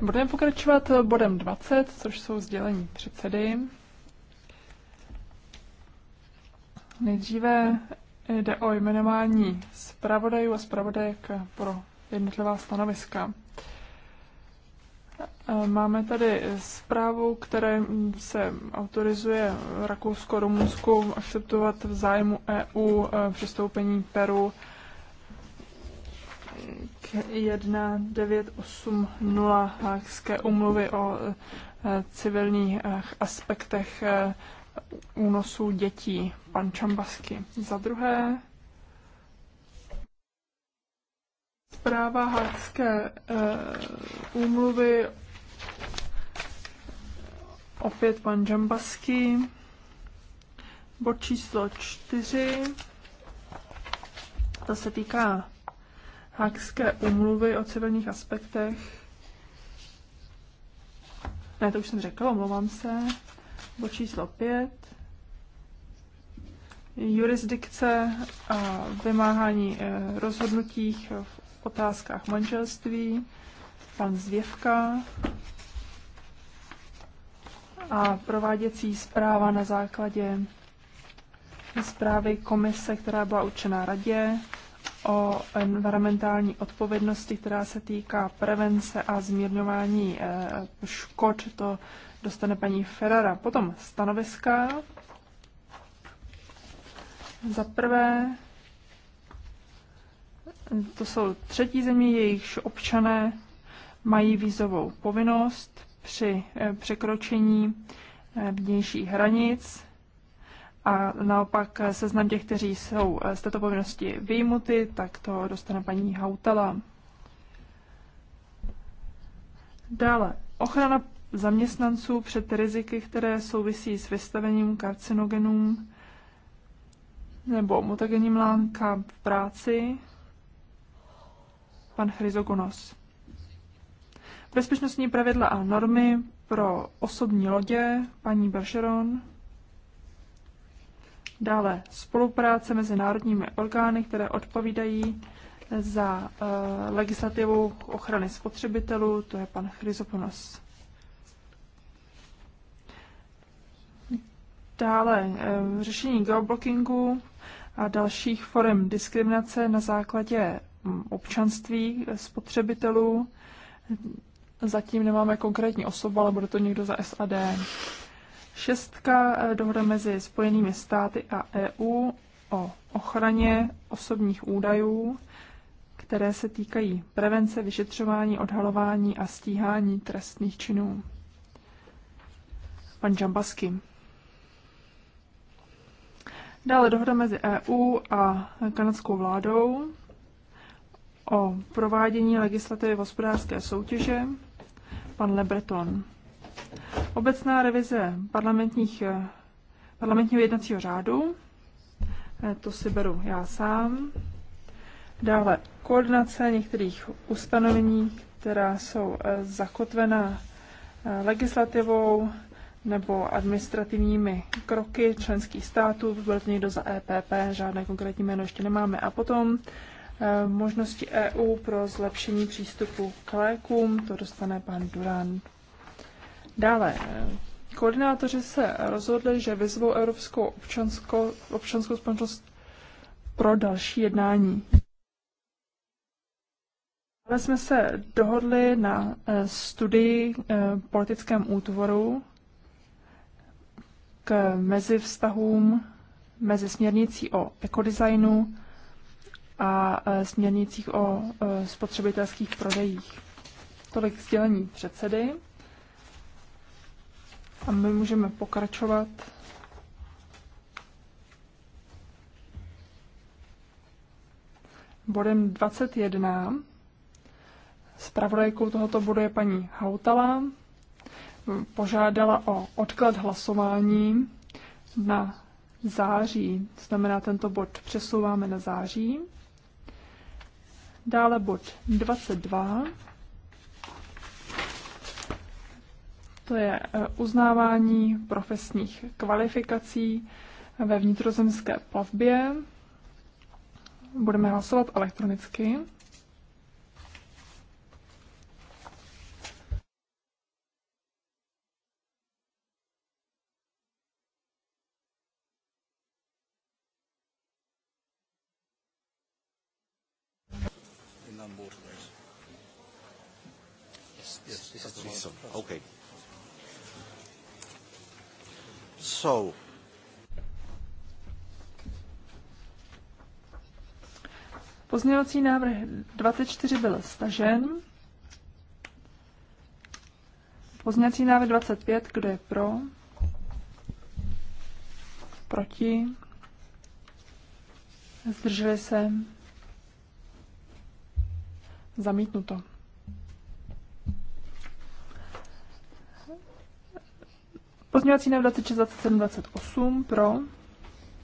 Budeme pokračovat bodem 20, což jsou sdělení předsedy. Nejdříve jde o jmenování zpravodajů a zpravodajek pro jednotlivá stanoviska. Máme tady zprávu, které se autorizuje rakousko rumunsku akceptovat v zájmu EU eh, přistoupení Peru 1980 Hákské umluvy o e, civilních e, aspektech e, únosů dětí, pan Čambasky. Za druhé, zpráva Hákské úmluvy, opět pan Čambasky, bod číslo čtyři, to se týká Hákské umluvy o civilních aspektech. Ne, to už jsem řekla, omlouvám se. Bo číslo 5. Jurisdikce a vymáhání eh, rozhodnutích v otázkách manželství. Pan Zvěvka a prováděcí zpráva na základě zprávy komise, která byla učená radě o environmentální odpovědnosti, která se týká prevence a zmírňování eh, škod. To dostane paní Ferrara. Potom stanoviska. Za prvé, to jsou třetí země, jejichž občané mají vízovou povinnost při eh, překročení eh, vnějších hranic a naopak seznam těch, kteří jsou eh, z této povinnosti výjimuty, tak to dostane paní Hautala. Dále, ochrana zaměstnanců před riziky, které souvisí s vystavením karcinogenům nebo mutagením lánkám v práci. Pan Chryzogonos. Bezpečnostní pravidla a normy pro osobní lodě, paní Bergeron. Dále spolupráce mezi národními orgány, které odpovídají za eh, legislativu ochrany spotřebitelů, to je pan Chrysoponos. Dále eh, řešení geoblockingu a dalších forem diskriminace na základě hm, občanství eh, spotřebitelů. Zatím nemáme konkrétní osobu, ale bude to někdo za SAD. Šestka eh, dohoda mezi Spojenými státy a EU o ochraně osobních údajů, které se týkají prevence, vyšetřování, odhalování a stíhání trestných činů. Pan Džambasky. Dále dohoda mezi EU a kanadskou vládou o provádění legislativy hospodářské soutěže. Pan Lebreton. Obecná revize parlamentních, eh, parlamentního jednacího řádu, eh, to si beru já sám. Dále koordinace některých ustanovení, která jsou eh, zakotvena legislativou nebo administrativními kroky členských států, byl to někdo za EPP, žádné konkrétní jméno ještě nemáme. A potom možnosti EU pro zlepšení přístupu k lékům, to dostane pan Durán Dále, koordinátoři se rozhodli, že vyzvou Evropskou občanskou, občanskou společnost pro další jednání. Ale jsme se dohodli na eh, studii eh, politickém útvoru k vztahům mezi směrnicí o ekodesignu a eh, směrnicích o spotřebitelských prodejích. Tolik sdělení předsedy. A my můžeme pokračovat. Bodem 21. Spravodajkou tohoto bodu je paní Hautala. Požádala o odklad hlasování na září. Znamená, tento bod přesouváme na září. Dále bod 22. To je eh, uznávání profesních kvalifikací ve vnitrozemské plavbě. Budeme hlasovat elektronicky. Pozměňovací návrh 24 byl stažen. Pozměňovací návrh 25, kdo je pro? Proti? Zdrželi se? Zamítnuto. Pozměňovací návrh 26, 27, 28 pro,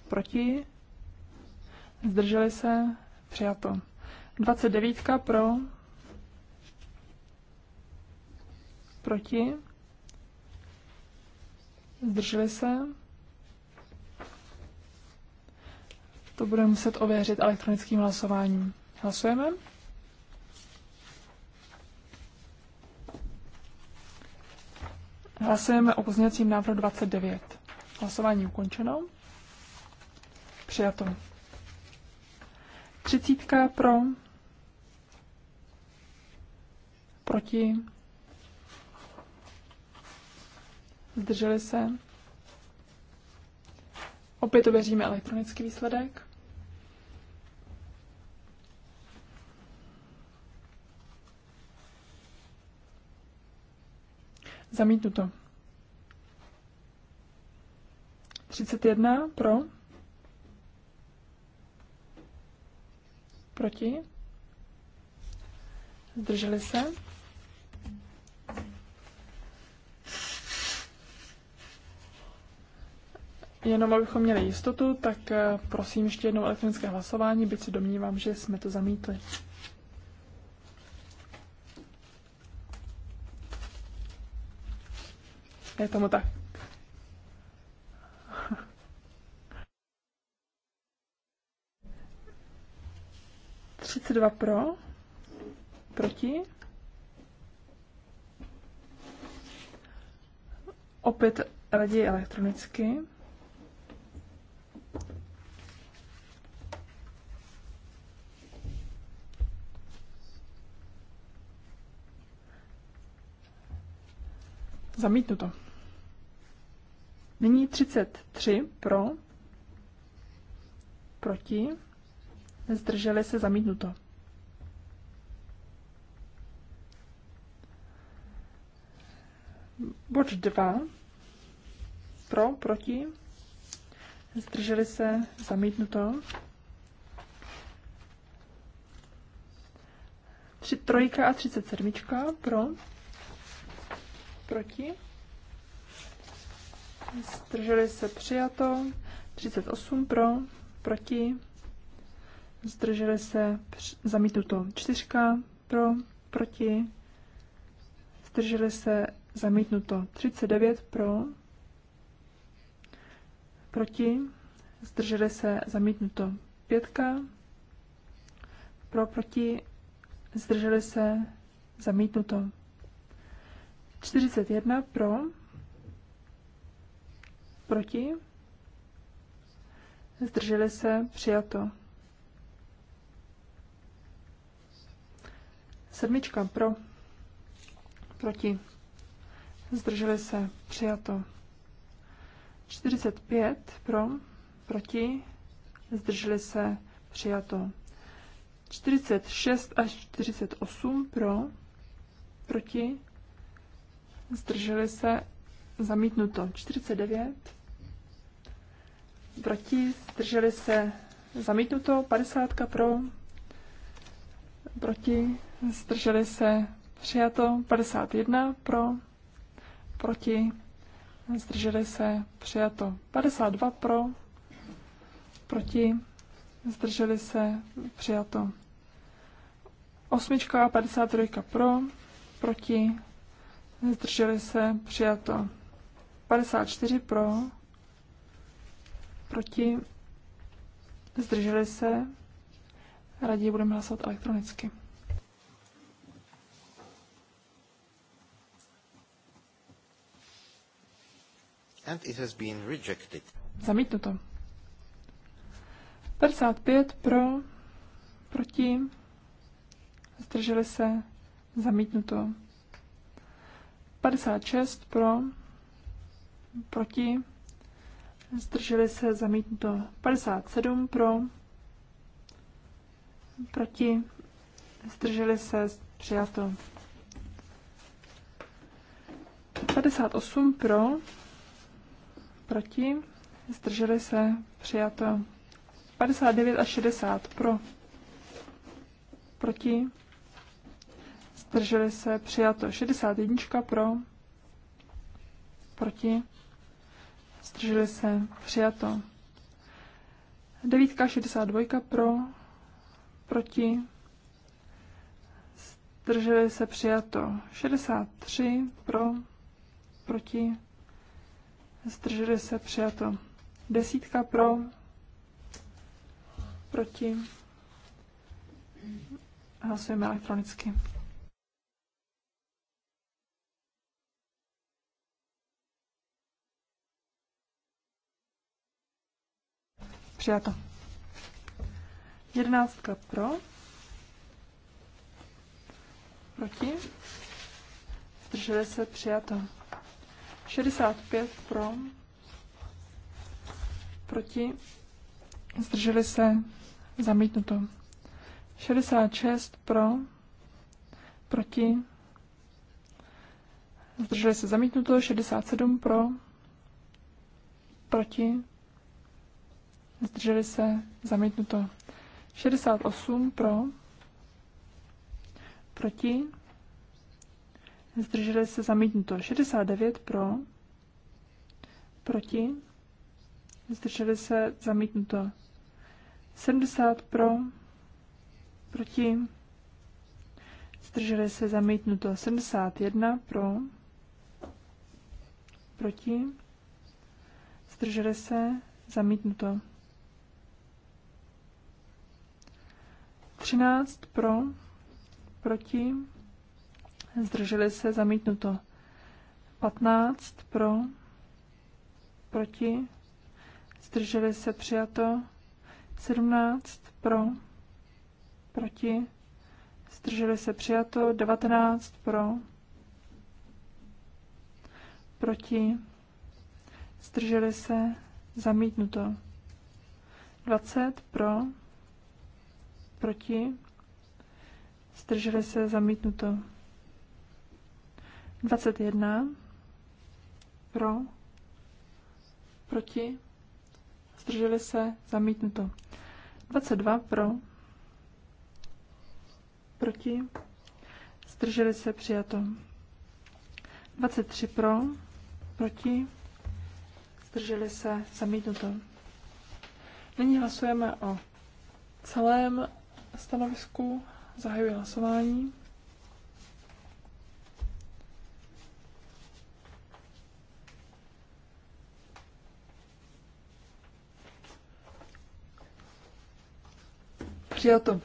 proti, zdrželi se, Přijato. 29 pro. Proti. Zdrželi se. To budeme muset ověřit elektronickým hlasováním. Hlasujeme. Hlasujeme o pozměňovacím návrhu 29. Hlasování ukončeno. Přijato. Třicítka pro, proti, zdrželi se. Opět ověříme elektronický výsledek. Zamítnuto. 31 pro. Proti? Zdrželi se? Jenom abychom měli jistotu, tak eh, prosím ještě jednou elektronické hlasování, byť se domnívám, že jsme to zamítli. Je tomu tak. 32 pro, proti. Opět raději elektronicky. to. Nyní 33 pro, proti zdrželi se zamítnuto. Bod 2. Pro, proti. Zdrželi se, zamítnuto. Tři, trojka a 37. Pro, proti. Zdrželi se, přijato. 38 pro, proti zdrželi se, zamítnuto. Čtyřka pro, proti, zdrželi se, zamítnuto. 39 pro, proti, zdrželi se, zamítnuto. Pětka pro, proti, zdrželi se, zamítnuto. 41 pro, proti, zdrželi se, přijato. Sedmička pro, proti, zdrželi se, přijato. 45 pro, proti, zdrželi se, přijato. 46 až 48 pro, proti, zdrželi se, zamítnuto. 49 proti, zdrželi se, zamítnuto. 50 pro, proti, zdrželi se přijato 51 pro, proti, zdrželi se přijato 52 pro, proti, zdrželi se přijato. Osmička a 53 pro, proti, zdrželi se přijato. 54 pro, proti, zdrželi se, raději budeme hlasovat elektronicky. and it has been rejected. Zamítnuto. 55 pro, proti, zdrželi se, zamítnuto. 56 pro, proti, zdrželi se, zamítnuto. 57 pro, proti, zdrželi se, přijato. 58 pro, proti, zdrželi se, přijato 59 až 60 pro, proti, zdrželi se, přijato 61 pro, proti, zdrželi se, přijato 9 62 pro, proti, zdrželi se, přijato 63 pro, proti, zdrželi se přijato. Desítka pro, proti, hlasujeme elektronicky. Přijato. Jedenáctka pro, proti, zdrželi se přijato. 65 pro, proti, zdrželi se, zamítnuto. 66 pro, proti, zdrželi se, zamítnuto. 67 pro, proti, zdrželi se, zamítnuto. 68 pro, proti, zdrželi se zamítnuto 69 pro, proti, zdrželi se zamítnuto 70 pro, proti, zdrželi se zamítnuto 71 pro, proti, zdrželi se zamítnuto 13 pro, proti, zdrželi se, zamítnuto. 15 pro, proti, zdrželi se, přijato. 17 pro, proti, zdrželi se, přijato. 19 pro, proti, zdrželi se, zamítnuto. 20 pro, proti, zdrželi se, zamítnuto. 21 pro, proti, zdrželi se, zamítnuto. 22 pro, proti, zdrželi se, přijato. 23 pro, proti, zdrželi se, zamítnuto. Nyní hlasujeme o celém stanovisku, zahajuji hlasování. Přijato.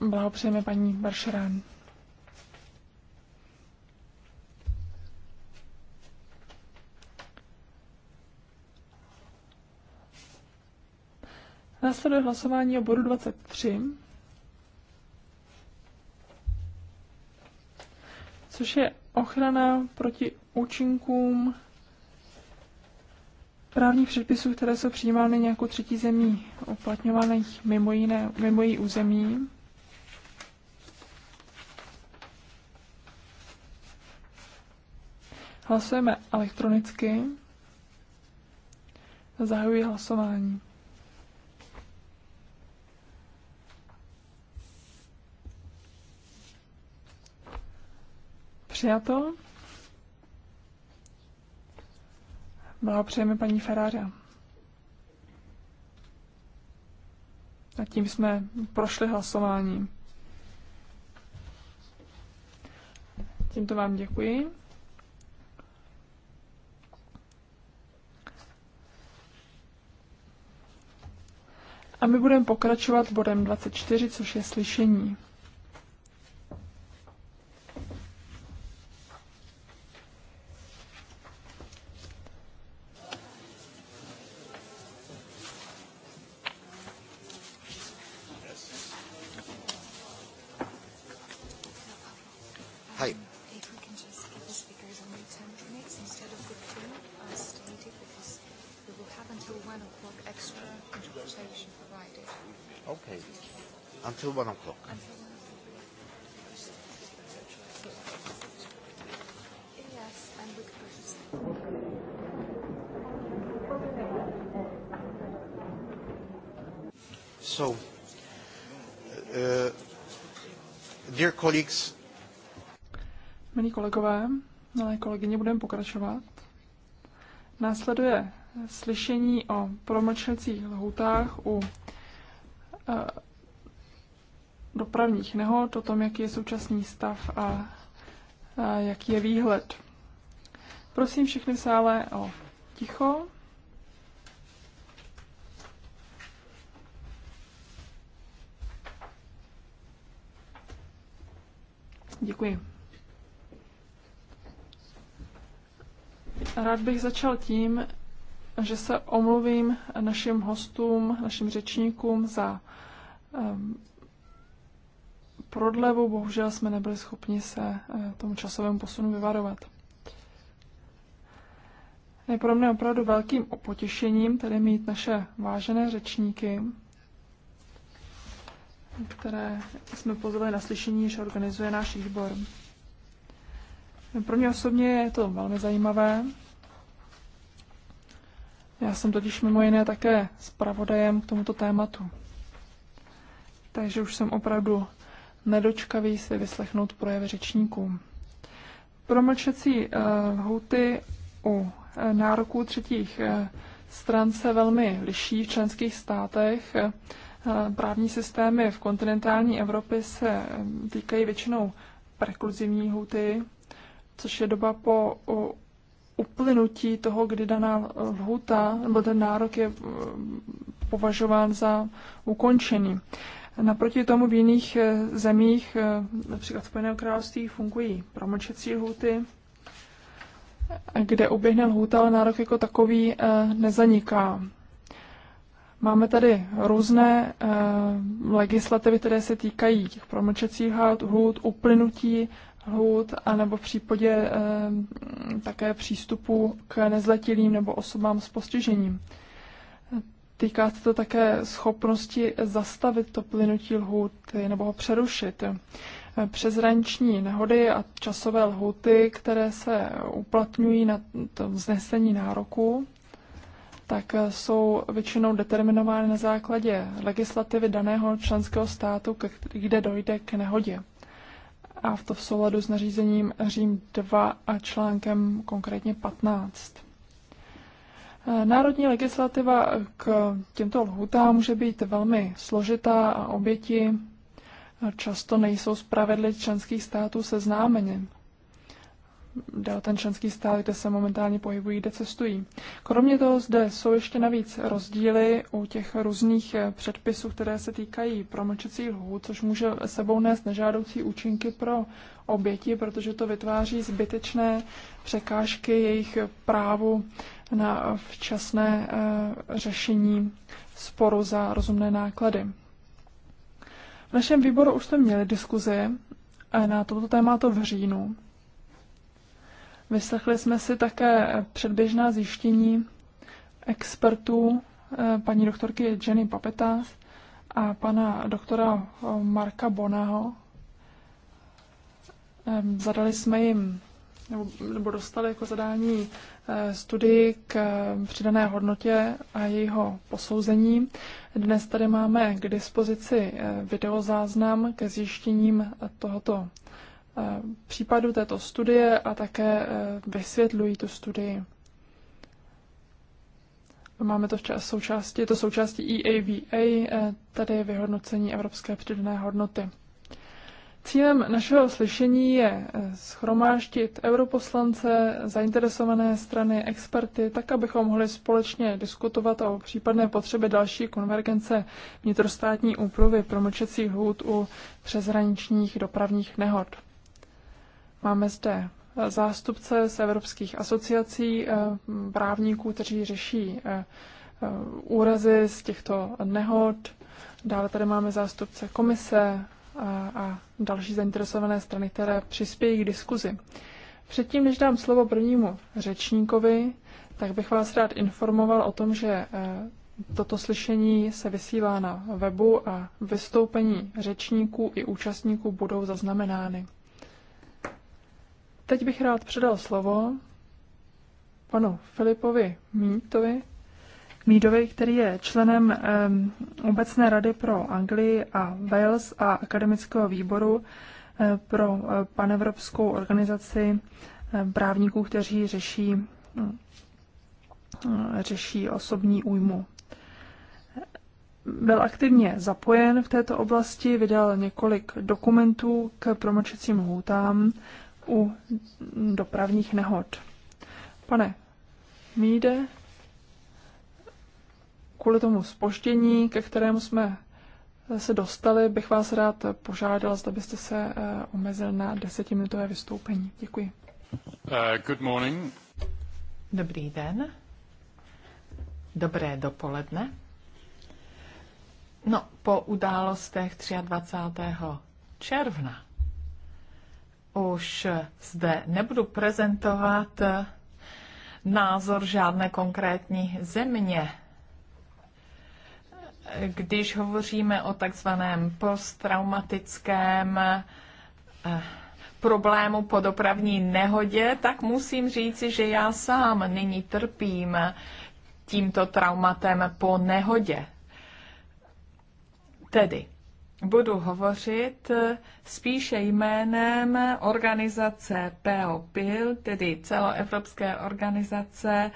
Blahopřejeme paní Baršerán. Následuje hlasování o bodu 23, což je ochrana proti účinkům právních předpisů, které jsou přijímány nějakou třetí zemí, uplatňovány mimo, jiné, mimo její území. Hlasujeme elektronicky. Zahajuji hlasování. Přijato. Blahopřejeme paní Ferrara. A tím jsme prošli hlasování. Tímto vám děkuji. A my budeme pokračovat bodem 24, což je slyšení. colleagues. Milí kolegové, milé kolegyně, budeme pokračovat. Následuje slyšení o promlčecích lhutách u e, dopravních nehod, o tom, jaký je současný stav a, a eh, jaký je výhled. Prosím všechny v sále o ticho. Děkuji. Rád bych začal tím, že se omluvím našim hostům, našim řečníkům za um, prodlevu. Bohužel jsme nebyli schopni se uh, tomu časovému posunu vyvarovat. Je pro mě opravdu velkým potěšením tedy mít naše vážené řečníky, které jsme pozvali na slyšení, že organizuje náš výbor. Pro mě osobně je to velmi zajímavé. Já jsem totiž mimo jiné také zpravodajem k tomuto tématu. Takže už jsem opravdu nedočkavý si vyslechnout projevy řečníků. Promlčecí houty eh, u eh, nároků třetích eh, stran se velmi liší v členských státech. Eh, právní systémy v kontinentální Evropě se eh, týkají většinou prekluzivní lhuty, což je doba po uplynutí toho, kdy daná eh, lhuta nebo ten nárok je považován za ukončený. Naproti tomu v jiných zemích, například v království, fungují promlčecí lhuty, kde uběhne lhůta, ale nárok jako takový nezaniká. Máme tady různé eh, legislativy, které se týkají těch promlčecích hůd, uplynutí hůd, anebo v případě eh, také přístupu k nezletilým nebo osobám s postižením. Týká se to také schopnosti zastavit to plynutí lhůt nebo ho přerušit. Přezranční nehody a časové lhuty, které se uplatňují na to vznesení nároku, tak eh, jsou většinou determinovány na základě legislativy daného členského státu, kde dojde k nehodě. A v to v souladu s nařízením Řím 2 a článkem konkrétně 15. Eh, národní legislativa k těmto lhůtám může být velmi složitá a oběti eh, často nejsou z členských států seznámeny jde ten členský stát, kde se momentálně pohybují, kde cestují. Kromě toho zde jsou ještě navíc rozdíly u těch různých eh, předpisů, které se týkají promlčecí lhů, což může sebou nést nežádoucí účinky pro oběti, protože to vytváří zbytečné překážky jejich právu na včasné eh, řešení sporu za rozumné náklady. V našem výboru už jsme měli diskuzi eh, na toto téma v říjnu Vyslechli jsme si také předběžná zjištění expertů eh, paní doktorky Jenny Papetas a pana doktora eh, Marka Bonaho. Eh, zadali jsme jim, nebo dostali jako zadání studii k přidané hodnotě a jejího posouzení. Dnes tady máme k dispozici videozáznam ke zjištěním tohoto Eh, případu této studie a také eh, vysvětlují tu studii. Máme to v čas, součástí, je to součástí EAVA, eh, tady je vyhodnocení Evropské přidané hodnoty. Cílem našeho slyšení je schromáždit europoslance, zainteresované strany, experty, tak, abychom mohli společně diskutovat o případné potřebě další konvergence vnitrostátní úpravy promlčecích hůd u přezraničních dopravních nehod. Máme zde eh, zástupce z evropských asociací eh, právníků, kteří řeší eh, úrazy z těchto nehod. Dále tady máme zástupce komise a, další zainteresované strany, které přispějí k diskuzi. Předtím, než dám slovo prvnímu řečníkovi, tak bych vás rád informoval o tom, že toto slyšení se vysílá na webu a vystoupení řečníků i účastníků budou zaznamenány. Teď bych rád předal slovo panu Filipovi Mítovi, Mídovi, který je členem um, Obecné rady pro Anglii a Wales a akademického výboru uh, pro uh, panevropskou organizaci uh, právníků, kteří řeší, uh, řeší osobní újmu. Byl aktivně zapojen v této oblasti, vydal několik dokumentů k promlčecím hůtám u dopravních nehod. Pane Míde, kvůli tomu spoždění, ke kterému jsme se dostali, bych vás rád požádal, zda byste se eh, omezil na desetiminutové vystoupení. Děkuji. Uh, good morning. Dobrý den. Dobré dopoledne. No, po událostech 23. června už zde nebudu prezentovat názor žádné konkrétní země. Když hovoříme o takzvaném posttraumatickém eh, problému po dopravní nehodě, tak musím říci, že já sám nyní trpím tímto traumatem po nehodě. Tedy budu hovořit spíše jménem organizace POPIL, tedy celoevropské organizace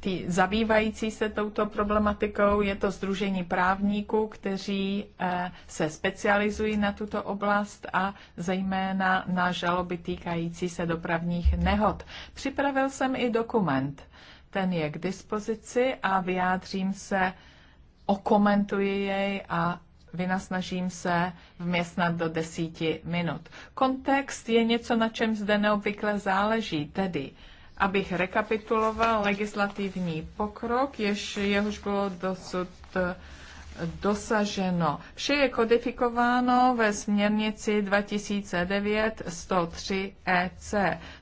Ty zabývající se touto problematikou. Je to Združení právníků, kteří eh, se specializují na tuto oblast a zejména na žaloby týkající se dopravních nehod. Připravil jsem i dokument. Ten je k dispozici a vyjádřím se okomentuji jej a vynasnažím se vměstnat do desíti minut. Kontext je něco, na čem zde neobvykle záleží, tedy abych rekapituloval legislativní pokrok, jež, jehož bylo dosud dosaženo. Vše je kodifikováno ve směrnici 2009-103 EC.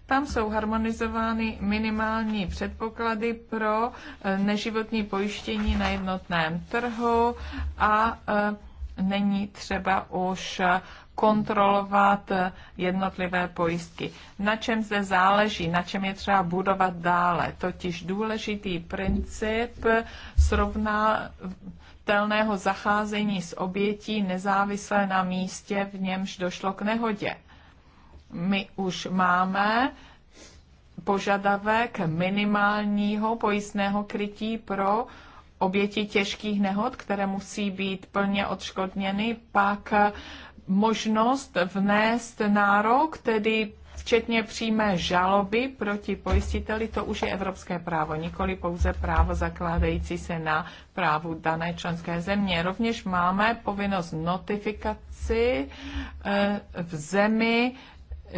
Tam jsou harmonizovány minimální předpoklady pro e, neživotní pojištění na jednotném trhu a e, není třeba už kontrolovat e, jednotlivé pojistky. Na čem zde záleží, na čem je třeba budovat dále, totiž důležitý princip srovná nespravedlitelného zacházení s obětí nezávisle na místě, v němž došlo k nehodě. My už máme požadavek minimálního pojistného krytí pro oběti těžkých nehod, které musí být plně odškodněny, pak možnost vnést nárok, tedy včetně přímé žaloby proti pojistiteli, to už je evropské právo, nikoli pouze právo zakládající se na právu dané členské země. Rovněž máme povinnost notifikaci eh, v zemi,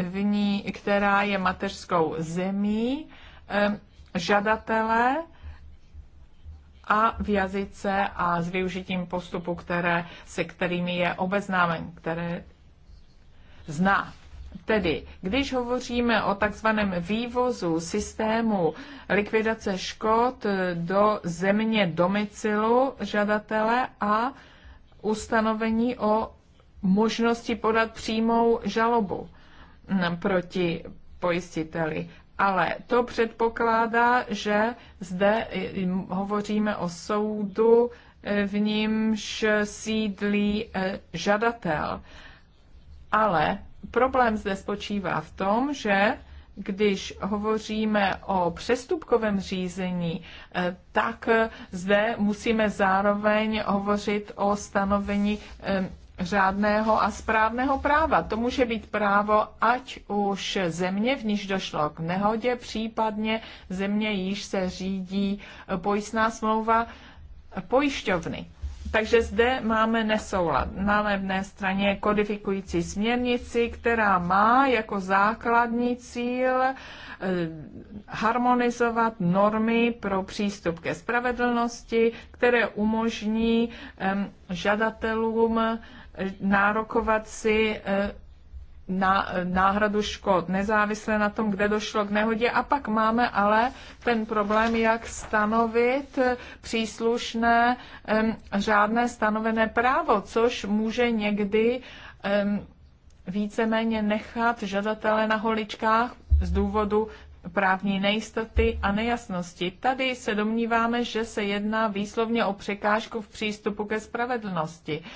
v ní, která je mateřskou zemí eh, žadatele a v jazyce a s využitím postupu, které, se kterými je obeznámen, které zná. Tedy, když hovoříme o takzvaném vývozu systému likvidace škod do země domicilu žadatele a ustanovení o možnosti podat přímou žalobu proti pojistiteli. Ale to předpokládá, že zde hovoříme o soudu, v nímž sídlí eh, žadatel. Ale Problém zde spočívá v tom, že když hovoříme o přestupkovém řízení, eh, tak eh, zde musíme zároveň hovořit o stanovení eh, řádného a správného práva. To může být právo, ať už země, v níž došlo k nehodě, případně země, již se řídí pojistná smlouva pojišťovny. Takže zde máme nesoulad. Na levné straně kodifikující směrnici, která má jako základní cíl eh, harmonizovat normy pro přístup ke spravedlnosti, které umožní žadatelům eh, nárokovat si eh, na náhradu škod, nezávisle na tom, kde došlo k nehodě. A pak máme ale ten problém, jak stanovit příslušné um, řádné stanovené právo, což může někdy um, víceméně nechat žadatele na holičkách z důvodu právní nejistoty a nejasnosti. Tady se domníváme, že se jedná výslovně o překážku v přístupu ke spravedlnosti. Uh,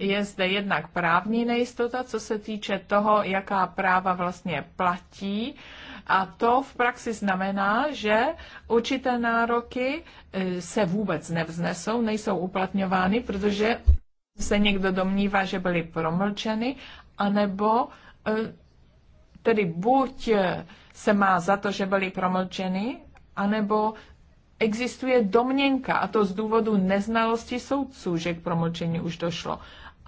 je zde jednak právní nejistota, co se týče toho, jaká práva vlastně platí. A to v praxi znamená, že určité nároky e, se vůbec nevznesou, nejsou uplatňovány, protože se někdo domnívá, že byly promlčeny, anebo e, tedy buď e, se má za to, že byly promlčeny, anebo existuje domněnka, a to z důvodu neznalosti soudců, že k promlčení už došlo.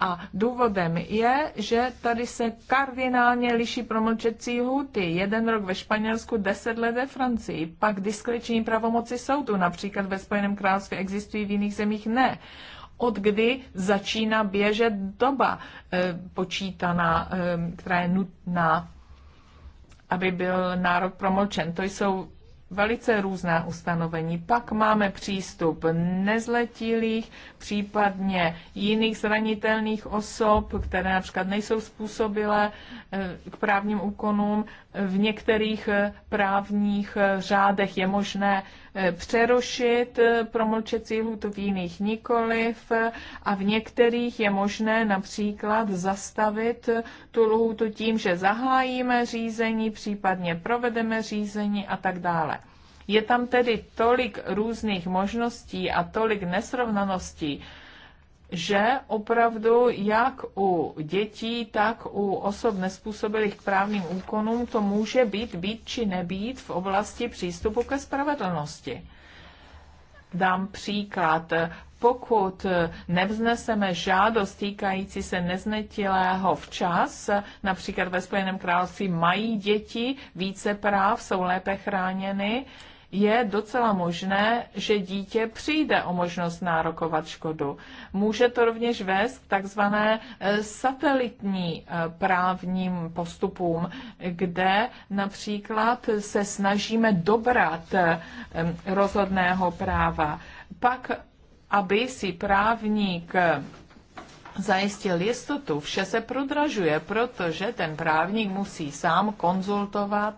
A důvodem je, že tady se kardinálně liší promlčecí huty. Jeden rok ve Španělsku, deset let ve Francii. Pak diskreční pravomoci soudu, například ve Spojeném království existují, v jiných zemích ne. Od kdy začíná běžet doba eh, počítaná, eh, která je nutná, aby byl národ promlčen. To jsou velice různá ustanovení. Pak máme přístup nezletilých, případně jiných zranitelných osob, které například nejsou způsobilé eh, k právním úkonům v některých eh, právních eh, řádech je možné eh, přerušit promlčecí lhutu, v jiných nikoliv a v některých je možné například zastavit tu lhutu tím, že zahájíme řízení, případně provedeme řízení a tak dále. Je tam tedy tolik různých možností a tolik nesrovnaností, že opravdu jak u dětí, tak u osob nespůsobilých k právním úkonům to může být být či nebýt v oblasti přístupu ke spravedlnosti. Dám příklad. Pokud nevzneseme žádost týkající se neznetilého včas, například ve Spojeném království mají děti více práv, jsou lépe chráněny, je docela možné, že dítě přijde o možnost nárokovat škodu. Může to rovněž vést k takzvané eh, satelitní eh, právním postupům, kde například se snažíme dobrat eh, rozhodného práva. Pak, aby si právník zajistil jistotu, vše se prodražuje, protože ten právník musí sám konzultovat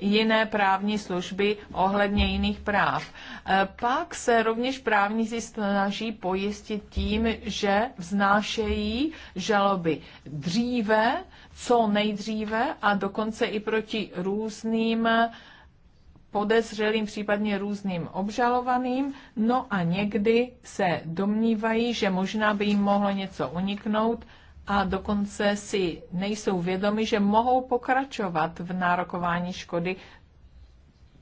jiné právní služby ohledně jiných práv. E, pak se rovněž právníci snaží pojistit tím, že vznášejí žaloby dříve, co nejdříve a dokonce i proti různým podezřelým, případně různým obžalovaným, no a někdy se domnívají, že možná by jim mohlo něco uniknout, a dokonce si nejsou vědomi, že mohou pokračovat v nárokování škody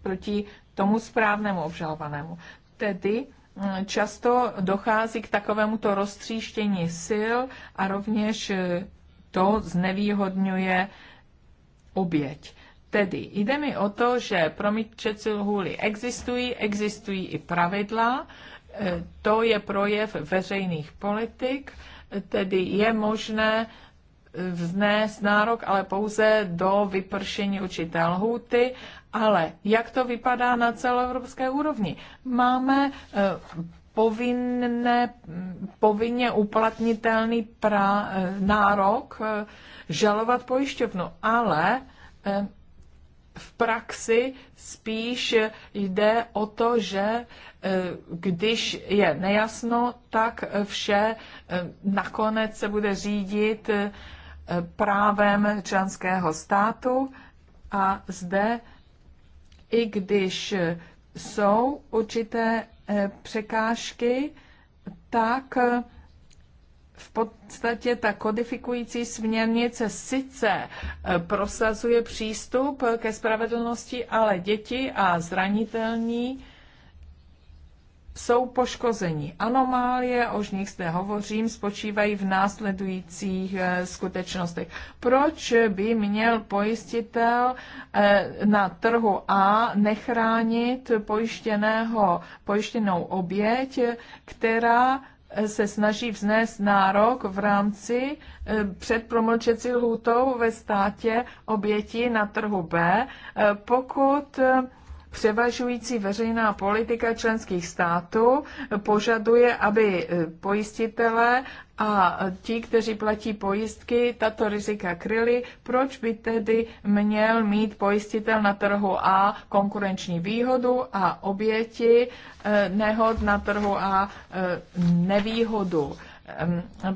proti tomu správnému obžalovanému. Tedy eh, často dochází k takovémuto roztříštění sil a rovněž eh, to znevýhodňuje oběť. Tedy jde mi o to, že promítčeci lhůly existují, existují i pravidla, eh, to je projev veřejných politik, Tedy je možné vznést nárok, ale pouze do vypršení určité lhůty. Ale jak to vypadá na celoevropské úrovni? Máme eh, povinné, povinně uplatnitelný pra, eh, nárok eh, žalovat pojišťovnu, ale v praxi spíš jde o to, že Eh, když je nejasno, tak eh, vše eh, nakonec se bude řídit právem členského státu a zde, i když jsou určité překážky, tak v podstatě ta kodifikující směrnice sice prosazuje přístup ke spravedlnosti, ale děti a zranitelní jsou poškození. Anomálie, o nich zde hovořím, spočívají v následujících eh, skutečnostech. Proč by měl pojistitel eh, na trhu A nechránit pojištěného, pojištěnou oběť, která eh, se snaží vznést nárok v rámci před promlčecí lhůtou ve státě oběti na trhu B, pokud převažující veřejná politika členských států požaduje, aby e, pojistitelé a ti, kteří platí pojistky, tato rizika kryli, proč by tedy měl mít pojistitel na trhu A konkurenční výhodu a oběti e, nehod na trhu A e, nevýhodu?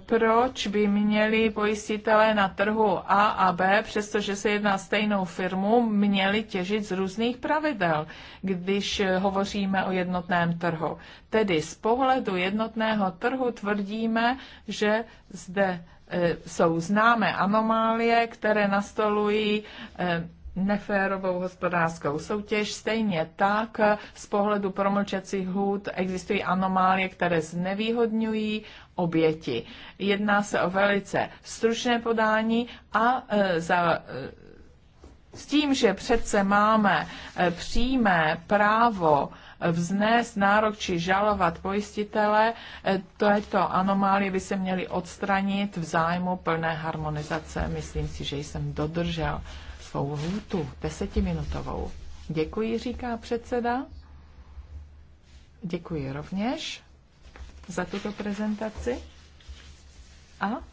proč by měli pojistitelé na trhu A a B, přestože se jedná stejnou firmu, měli těžit z různých pravidel, když hovoříme o jednotném trhu. Tedy z pohledu jednotného trhu tvrdíme, že zde e, jsou známé anomálie, které nastolují e, neférovou hospodářskou soutěž. Stejně tak eh, z pohledu promlčecích hůd existují anomálie, které znevýhodňují oběti. Jedná se o velice stručné podání a e, za, e, s tím, že přece máme e, přímé právo vznést nárok či žalovat pojistitele, této anomálie by se měly odstranit v zájmu plné harmonizace. Myslím si, že jsem dodržel svou lhůtu, desetiminutovou. Děkuji, říká předseda. Děkuji rovněž za tuto prezentaci. A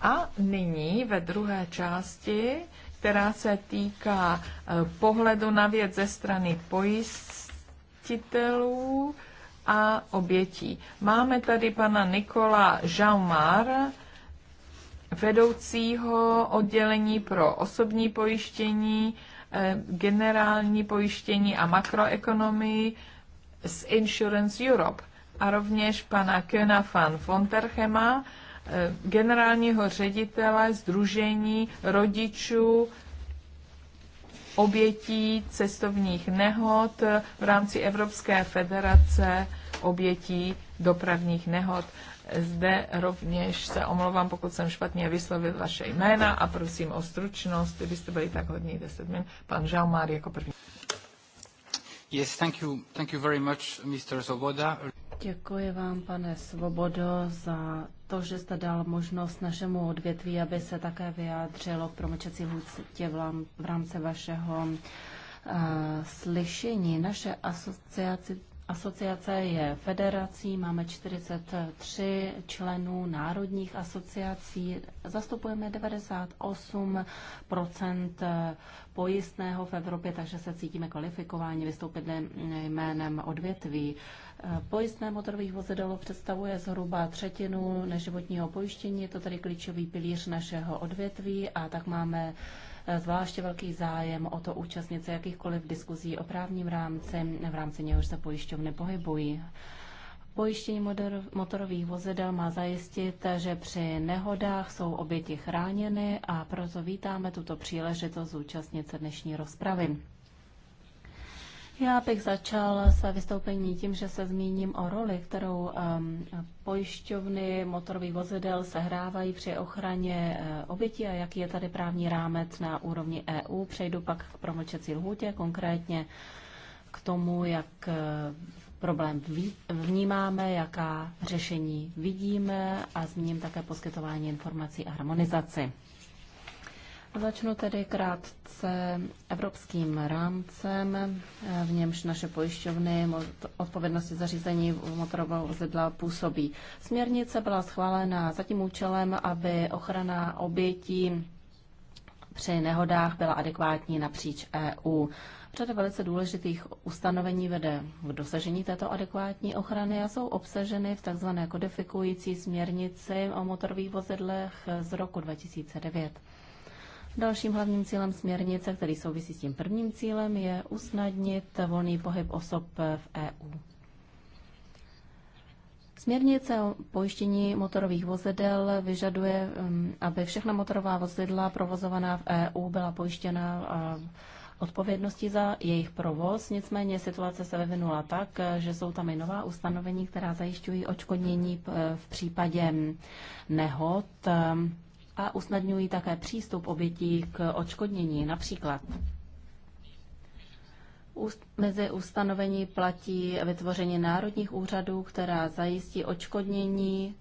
A nyní ve druhé části která se týká eh, pohledu na věc ze strany pojistitelů a obětí. Máme tady pana Nikola Jaumar, vedoucího oddělení pro osobní pojištění, eh, generální pojištění a makroekonomii z Insurance Europe a rovněž pana Köna van Fonterchema, Eh, generálního ředitele Združení rodičů obětí cestovních nehod v rámci Evropské federace obětí dopravních nehod. Zde rovněž se omlouvám, pokud jsem špatně vyslovil vaše jména a prosím o stručnost, kdybyste byli tak hodní 10 minut. Pan Žaumár jako první. Yes, thank you. Thank you very much, Mr. Svoboda. Děkuji vám, pane Svobodo, za to, že jste dal možnost našemu odvětví, aby se také vyjádřilo v promlčecí hůctě v rámci vašeho eh, slyšení. Naše asociace Asociace je federací, máme 43 členů národních asociací, zastupujeme 98 pojistného v Evropě, takže se cítíme kvalifikováni vystoupit jménem odvětví. Pojistné motorových vozidel představuje zhruba třetinu neživotního pojištění, je to tedy klíčový pilíř našeho odvětví a tak máme zvláště velký zájem o to účastnit se jakýchkoliv diskuzí o právním rámci, v rámci něhož se pojišťovny pohybují. Pojištění motorových vozidel má zajistit, že při nehodách jsou oběti chráněny a proto vítáme tuto příležitost zúčastnit se dnešní rozpravy. Já bych začal své vystoupení tím, že se zmíním o roli, kterou um, pojišťovny motorových vozidel sehrávají při ochraně uh, obětí a jaký je tady právní rámec na úrovni EU. Přejdu pak k promlčecí lhůtě, konkrétně k tomu, jak uh, problém vnímáme, jaká řešení vidíme a zmíním také poskytování informací a harmonizaci. Začnu tedy krátce evropským rámcem, eh, v němž naše pojišťovny odpovědnosti zařízení motorového vozidla působí. Směrnice byla schválena za tím účelem, aby ochrana obětí při nehodách byla adekvátní napříč EU. Řada velice důležitých ustanovení vede k dosažení této adekvátní ochrany a jsou obsaženy v tzv. kodifikující směrnici o motorových vozidlech z roku 2009. Dalším hlavním cílem směrnice, který souvisí s tím prvním cílem, je usnadnit volný pohyb osob v EU. Směrnice o pojištění motorových vozidel vyžaduje, um, aby všechna motorová vozidla provozovaná v EU byla pojištěna uh, odpovědnosti za jejich provoz. Nicméně situace se vyvinula tak, že jsou tam i nová ustanovení, která zajišťují očkodnění uh, v případě um, nehod um, a usnadňují také přístup obětí k odškodnění. Například mezi ustanovení platí vytvoření národních úřadů, která zajistí odškodnění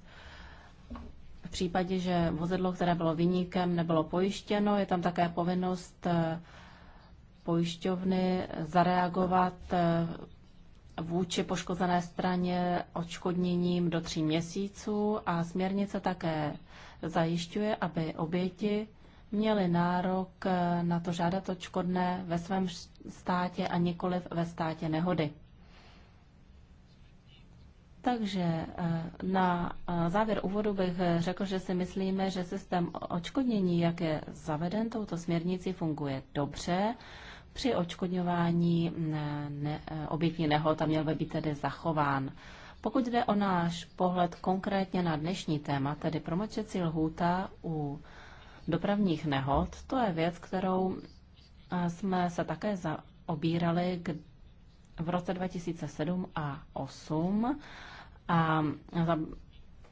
v případě, že vozidlo, které bylo vyníkem, nebylo pojištěno. Je tam také povinnost pojišťovny zareagovat vůči poškozené straně odškodněním do tří měsíců a směrnice také zajišťuje, aby oběti měly nárok na to žádat odškodné ve svém státě a nikoliv ve státě nehody. Takže eh, na eh, závěr úvodu bych řekl, že si myslíme, že systém očkodnění, jak je zaveden touto směrnicí, funguje dobře při očkodňování mm, ne, ne, eh, obětní nehod a měl by být tedy zachován. Pokud jde o náš pohled konkrétně na dnešní téma, tedy promlčecí lhůta u dopravních nehod, to je věc, kterou eh, jsme se také zaobírali v roce 2007 a 2008 a eh,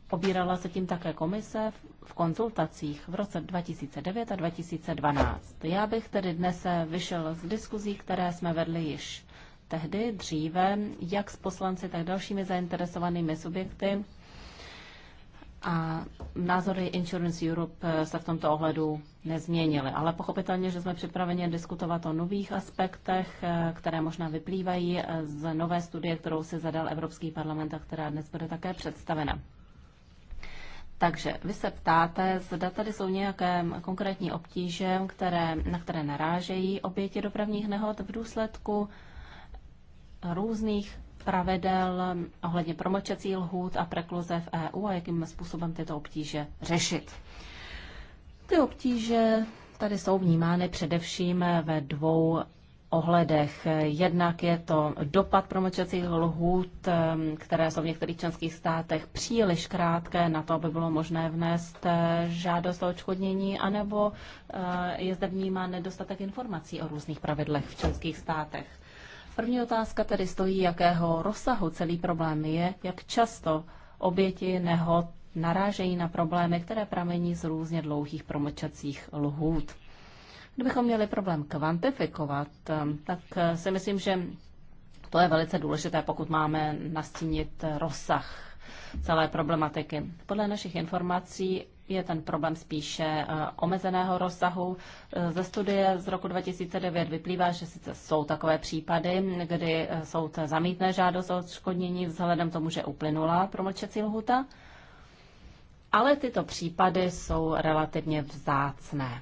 obírala se tím také komise v konzultacích v roce 2009 a 2012. Já bych tedy dnes vyšel z diskuzí, které jsme vedli již tehdy, dříve, jak s poslanci, tak dalšími zainteresovanými subjekty. A názory Insurance Europe se v tomto ohledu nezměnily. Ale pochopitelně, že jsme připraveni diskutovat o nových aspektech, které možná vyplývají z nové studie, kterou si zadal Evropský parlament a která dnes bude také představena. Takže vy se ptáte, zda tady jsou nějaké konkrétní obtíže, které, na které narážejí oběti dopravních nehod v důsledku různých pravidel ohledně promlčecí lhůt a prekluze v EU a jakým způsobem tyto obtíže řešit. Ty obtíže tady jsou vnímány především ve dvou ohledech. Jednak je to dopad promlčecích lhůt, které jsou v některých členských státech příliš krátké na to, aby bylo možné vnést eh, žádost o odškodnění, anebo eh, je zde vnímán nedostatek informací o různých pravidlech v členských státech. První otázka tedy stojí, jakého rozsahu celý problém je, jak často oběti nehod narážejí na problémy, které pramení z různě dlouhých promlčacích lhůt. Kdybychom měli problém kvantifikovat, eh, tak eh, si myslím, že to je velice důležité, pokud máme nastínit rozsah celé problematiky. Podle našich informací je ten problém spíše eh, omezeného rozsahu. Ze studie z roku 2009 vyplývá, že sice jsou takové případy, kdy soud zamítne žádost o odškodnění vzhledem tomu, že uplynula promlčecí lhuta, ale tyto případy jsou relativně vzácné.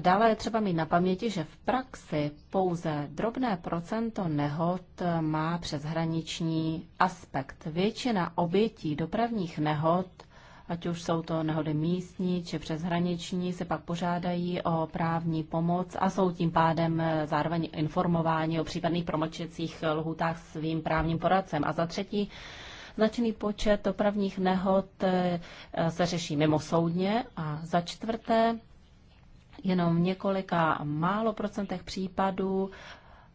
Dále je třeba mít na paměti, že v praxi pouze drobné procento nehod má přeshraniční aspekt. Většina obětí dopravních nehod, ať už jsou to nehody místní či přeshraniční, se pak požádají o právní pomoc a jsou tím pádem zároveň informováni o případných promlčecích lhutách svým právním poradcem. A za třetí, Značný počet dopravních nehod eh, se řeší mimo soudně a za čtvrté jenom v několika málo procentech případů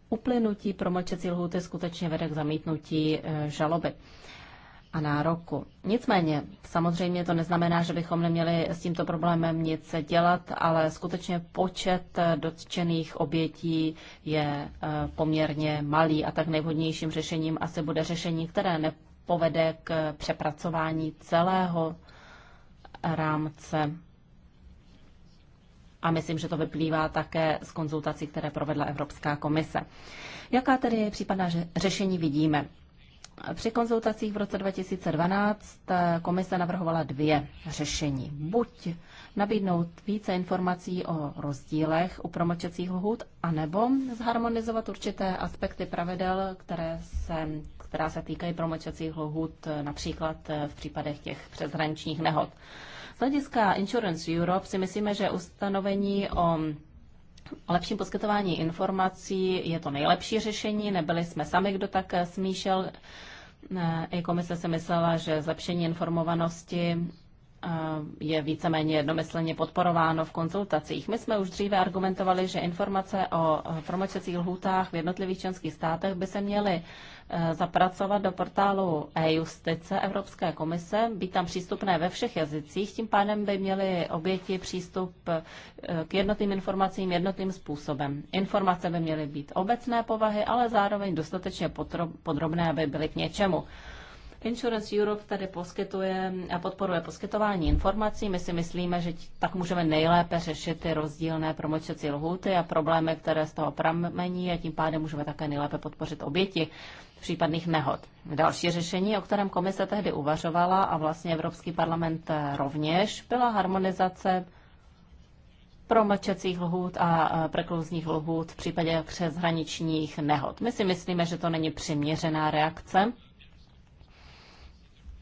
uplynutí promlčecí lhůty skutečně vede k zamítnutí e, žaloby a nároku. Nicméně, samozřejmě to neznamená, že bychom neměli s tímto problémem nic dělat, ale skutečně počet e, dotčených obětí je e, poměrně malý a tak nejvhodnějším řešením asi bude řešení, které nepovede k přepracování celého rámce a myslím, že to vyplývá také z konzultací, které provedla Evropská komise. Jaká tedy případná řešení vidíme? Při konzultacích v roce 2012 eh, komise navrhovala dvě řešení. Buď nabídnout více informací o rozdílech u promlčecích lhůt, anebo zharmonizovat určité aspekty pravidel, které se, která se týkají promlčecích lhůt, eh, například eh, v případech těch přeshraničních nehod. Z hlediska Insurance Europe si myslíme, že ustanovení o lepším poskytování informací je to nejlepší řešení. Nebyli jsme sami, kdo tak eh, smíšel. Eh, I komise si myslela, že zlepšení informovanosti je víceméně jednomyslně podporováno v konzultacích. My jsme už dříve argumentovali, že informace o promlčecích lhůtách v jednotlivých členských státech by se měly e, zapracovat do portálu e-justice Evropské komise, být tam přístupné ve všech jazycích, tím pádem by měly oběti přístup e, k jednotným informacím jednotným způsobem. Informace by měly být obecné povahy, ale zároveň dostatečně podrobné, aby byly k něčemu. Insurance Europe tady poskytuje a podporuje poskytování informací. My si myslíme, že tak můžeme nejlépe řešit ty rozdílné promočecí lhuty a problémy, které z toho pramení a tím pádem můžeme také nejlépe podpořit oběti případných nehod. Další řešení, o kterém komise tehdy uvažovala a vlastně Evropský parlament eh, rovněž, byla harmonizace promlčecích lhůt a eh, prekluzních lhůt v případě přeshraničních nehod. My si myslíme, že to není přiměřená reakce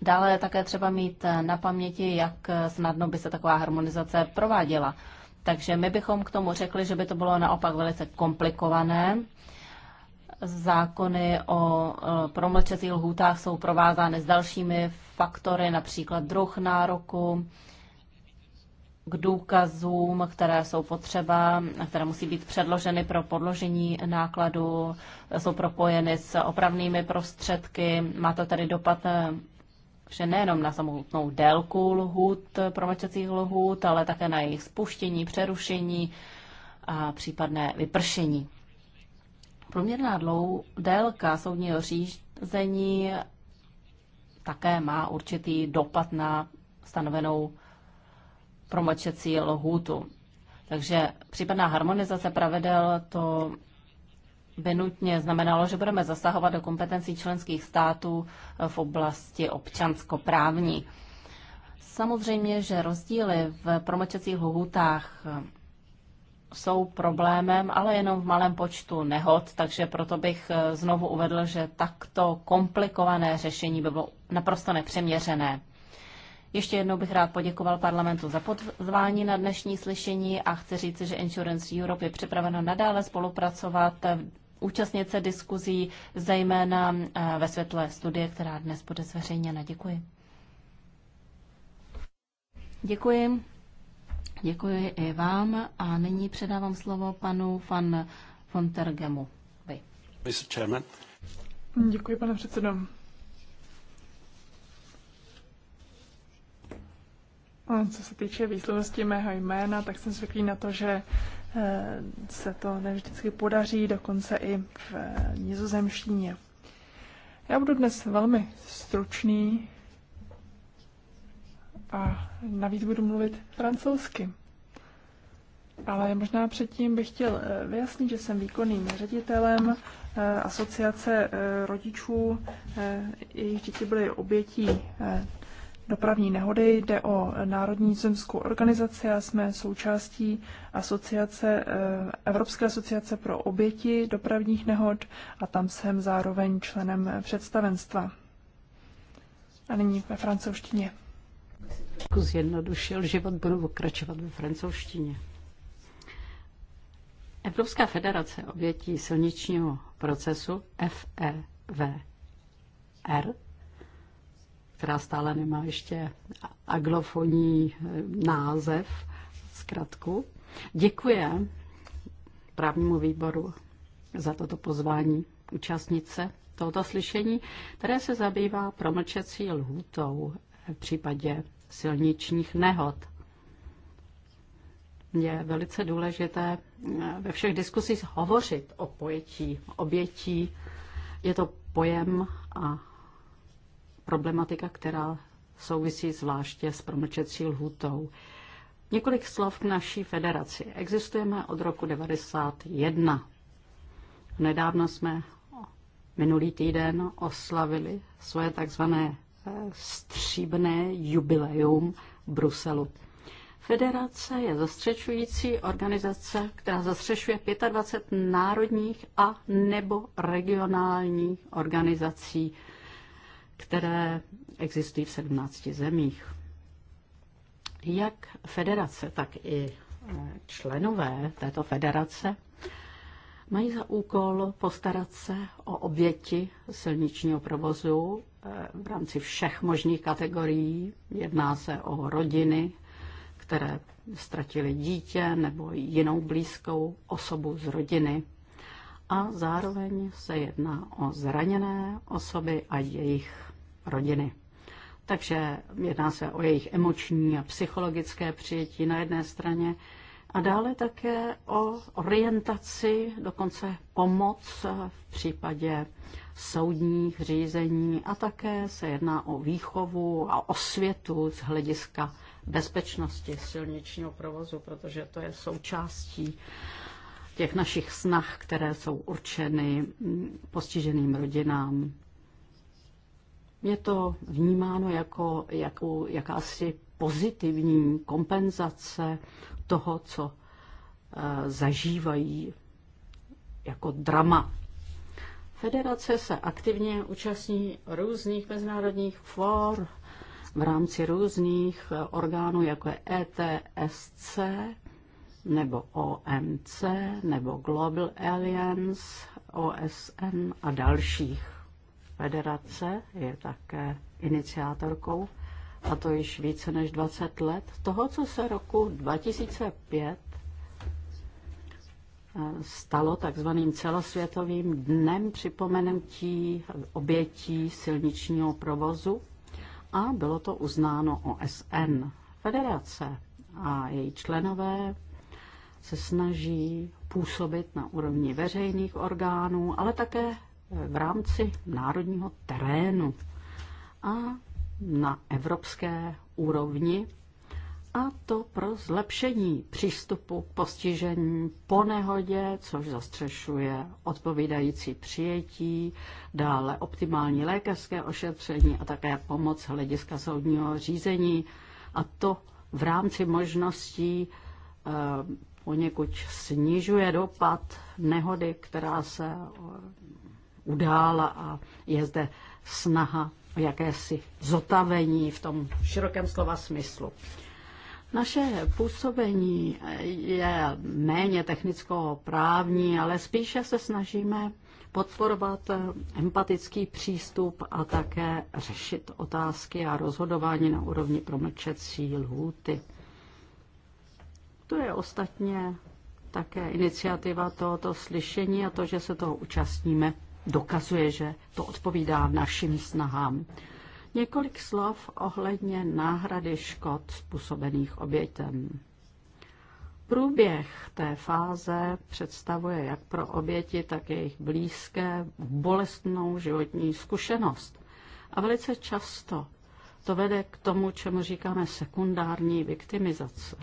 Dále je také třeba mít na paměti, jak snadno by se taková harmonizace prováděla. Takže my bychom k tomu řekli, že by to bylo naopak velice komplikované. Zákony o e, promlčecích lhůtách jsou provázány s dalšími faktory, například druh nároku, k důkazům, které jsou potřeba, které musí být předloženy pro podložení nákladu, jsou propojeny s opravnými prostředky. Má to tedy dopad e, že nejenom na samotnou délku lhůt, promlčecích lhůt, ale také na jejich spuštění, přerušení a případné vypršení. Průměrná dlou, délka soudního řízení také má určitý dopad na stanovenou promlčecí lhůtu. Takže případná harmonizace pravidel to by nutně znamenalo, že budeme zasahovat do kompetencí členských států eh, v oblasti občanskoprávní. Samozřejmě, že rozdíly v promlčecích lhůtách eh, jsou problémem, ale jenom v malém počtu nehod, takže proto bych eh, znovu uvedl, že takto komplikované řešení by bylo naprosto nepřeměřené. Ještě jednou bych rád poděkoval parlamentu za pozvání na dnešní slyšení a chci říci, že Insurance Europe je připraveno nadále spolupracovat účastnit se diskuzí, zejména eh, ve světle studie, která dnes bude zveřejněna. Děkuji. Děkuji. Děkuji i vám a nyní předávám slovo panu van Tergemu. Vy. Děkuji, pane předsedo. Co se týče výslovnosti mého jména, tak jsem zvyklý na to, že Eh, se to nevždycky podaří, dokonce i v eh, nizozemštině. Já budu dnes velmi stručný a navíc budu mluvit francouzsky. Ale možná předtím bych chtěl eh, vyjasnit, že jsem výkonným ředitelem asociace rodičů, jejich děti byly obětí dopravní nehody. Jde o Národní zemskou organizaci a jsme součástí asociace, eh, Evropské asociace pro oběti dopravních nehod a tam jsem zároveň členem představenstva. A nyní ve francouzštině. Trošku zjednodušil život, budu pokračovat ve francouzštině. Evropská federace obětí silničního procesu FEVR která stále nemá ještě aglofonní eh, název, zkratku. Děkuji právnímu výboru za toto pozvání účastnit se tohoto slyšení, které se zabývá promlčecí lhůtou v případě silničních nehod. Je velice důležité eh, ve všech diskusích hovořit o pojetí obětí. Je to pojem a problematika, která souvisí zvláště s promlčecí lhutou. Několik slov k naší federaci. Existujeme od roku 1991. Nedávno jsme minulý týden oslavili svoje takzvané eh, stříbné jubileum v Bruselu. Federace je zastřešující organizace, která zastřešuje 25 národních a nebo regionálních organizací které existují v 17 zemích. Jak federace, tak i e, členové této federace mají za úkol postarat se o oběti silničního provozu e, v rámci všech možných kategorií. Jedná se o rodiny, které ztratili dítě nebo jinou blízkou osobu z rodiny. A zároveň se jedná o zraněné osoby a jejich rodiny. Takže jedná se o jejich emoční a psychologické přijetí na jedné straně a dále také o orientaci, dokonce pomoc v případě soudních řízení a také se jedná o výchovu a osvětu z hlediska bezpečnosti silničního provozu, protože to je součástí těch našich snah, které jsou určeny postiženým rodinám je to vnímáno jako jakou, jakási pozitivní kompenzace toho, co e, zažívají jako drama. Federace se aktivně účastní různých mezinárodních for v rámci různých eh, orgánů, jako je ETSC, nebo OMC, nebo Global Alliance, OSN a dalších federace je také iniciátorkou, a to již více než 20 let, toho, co se roku 2005 eh, stalo takzvaným celosvětovým dnem připomenutí obětí silničního provozu a bylo to uznáno OSN. Federace a její členové se snaží působit na úrovni veřejných orgánů, ale také v rámci národního terénu a na evropské úrovni, a to pro zlepšení přístupu k postižení po nehodě, což zastřešuje odpovídající přijetí, dále optimální lékařské ošetření a také pomoc hlediska soudního řízení, a to v rámci možností eh, poněkud snižuje dopad nehody, která se eh, udála a je zde snaha o jakési zotavení v tom širokém slova smyslu. Naše působení je méně technicko-právní, ale spíše se snažíme podporovat empatický přístup a také řešit otázky a rozhodování na úrovni promlčecí lhůty. To je ostatně také iniciativa tohoto slyšení a to, že se toho účastníme, dokazuje, že to odpovídá našim snahám. Několik slov ohledně náhrady škod způsobených obětem. Průběh té fáze představuje jak pro oběti, tak jejich blízké bolestnou životní zkušenost. A velice často to vede k tomu, čemu říkáme sekundární viktimizace.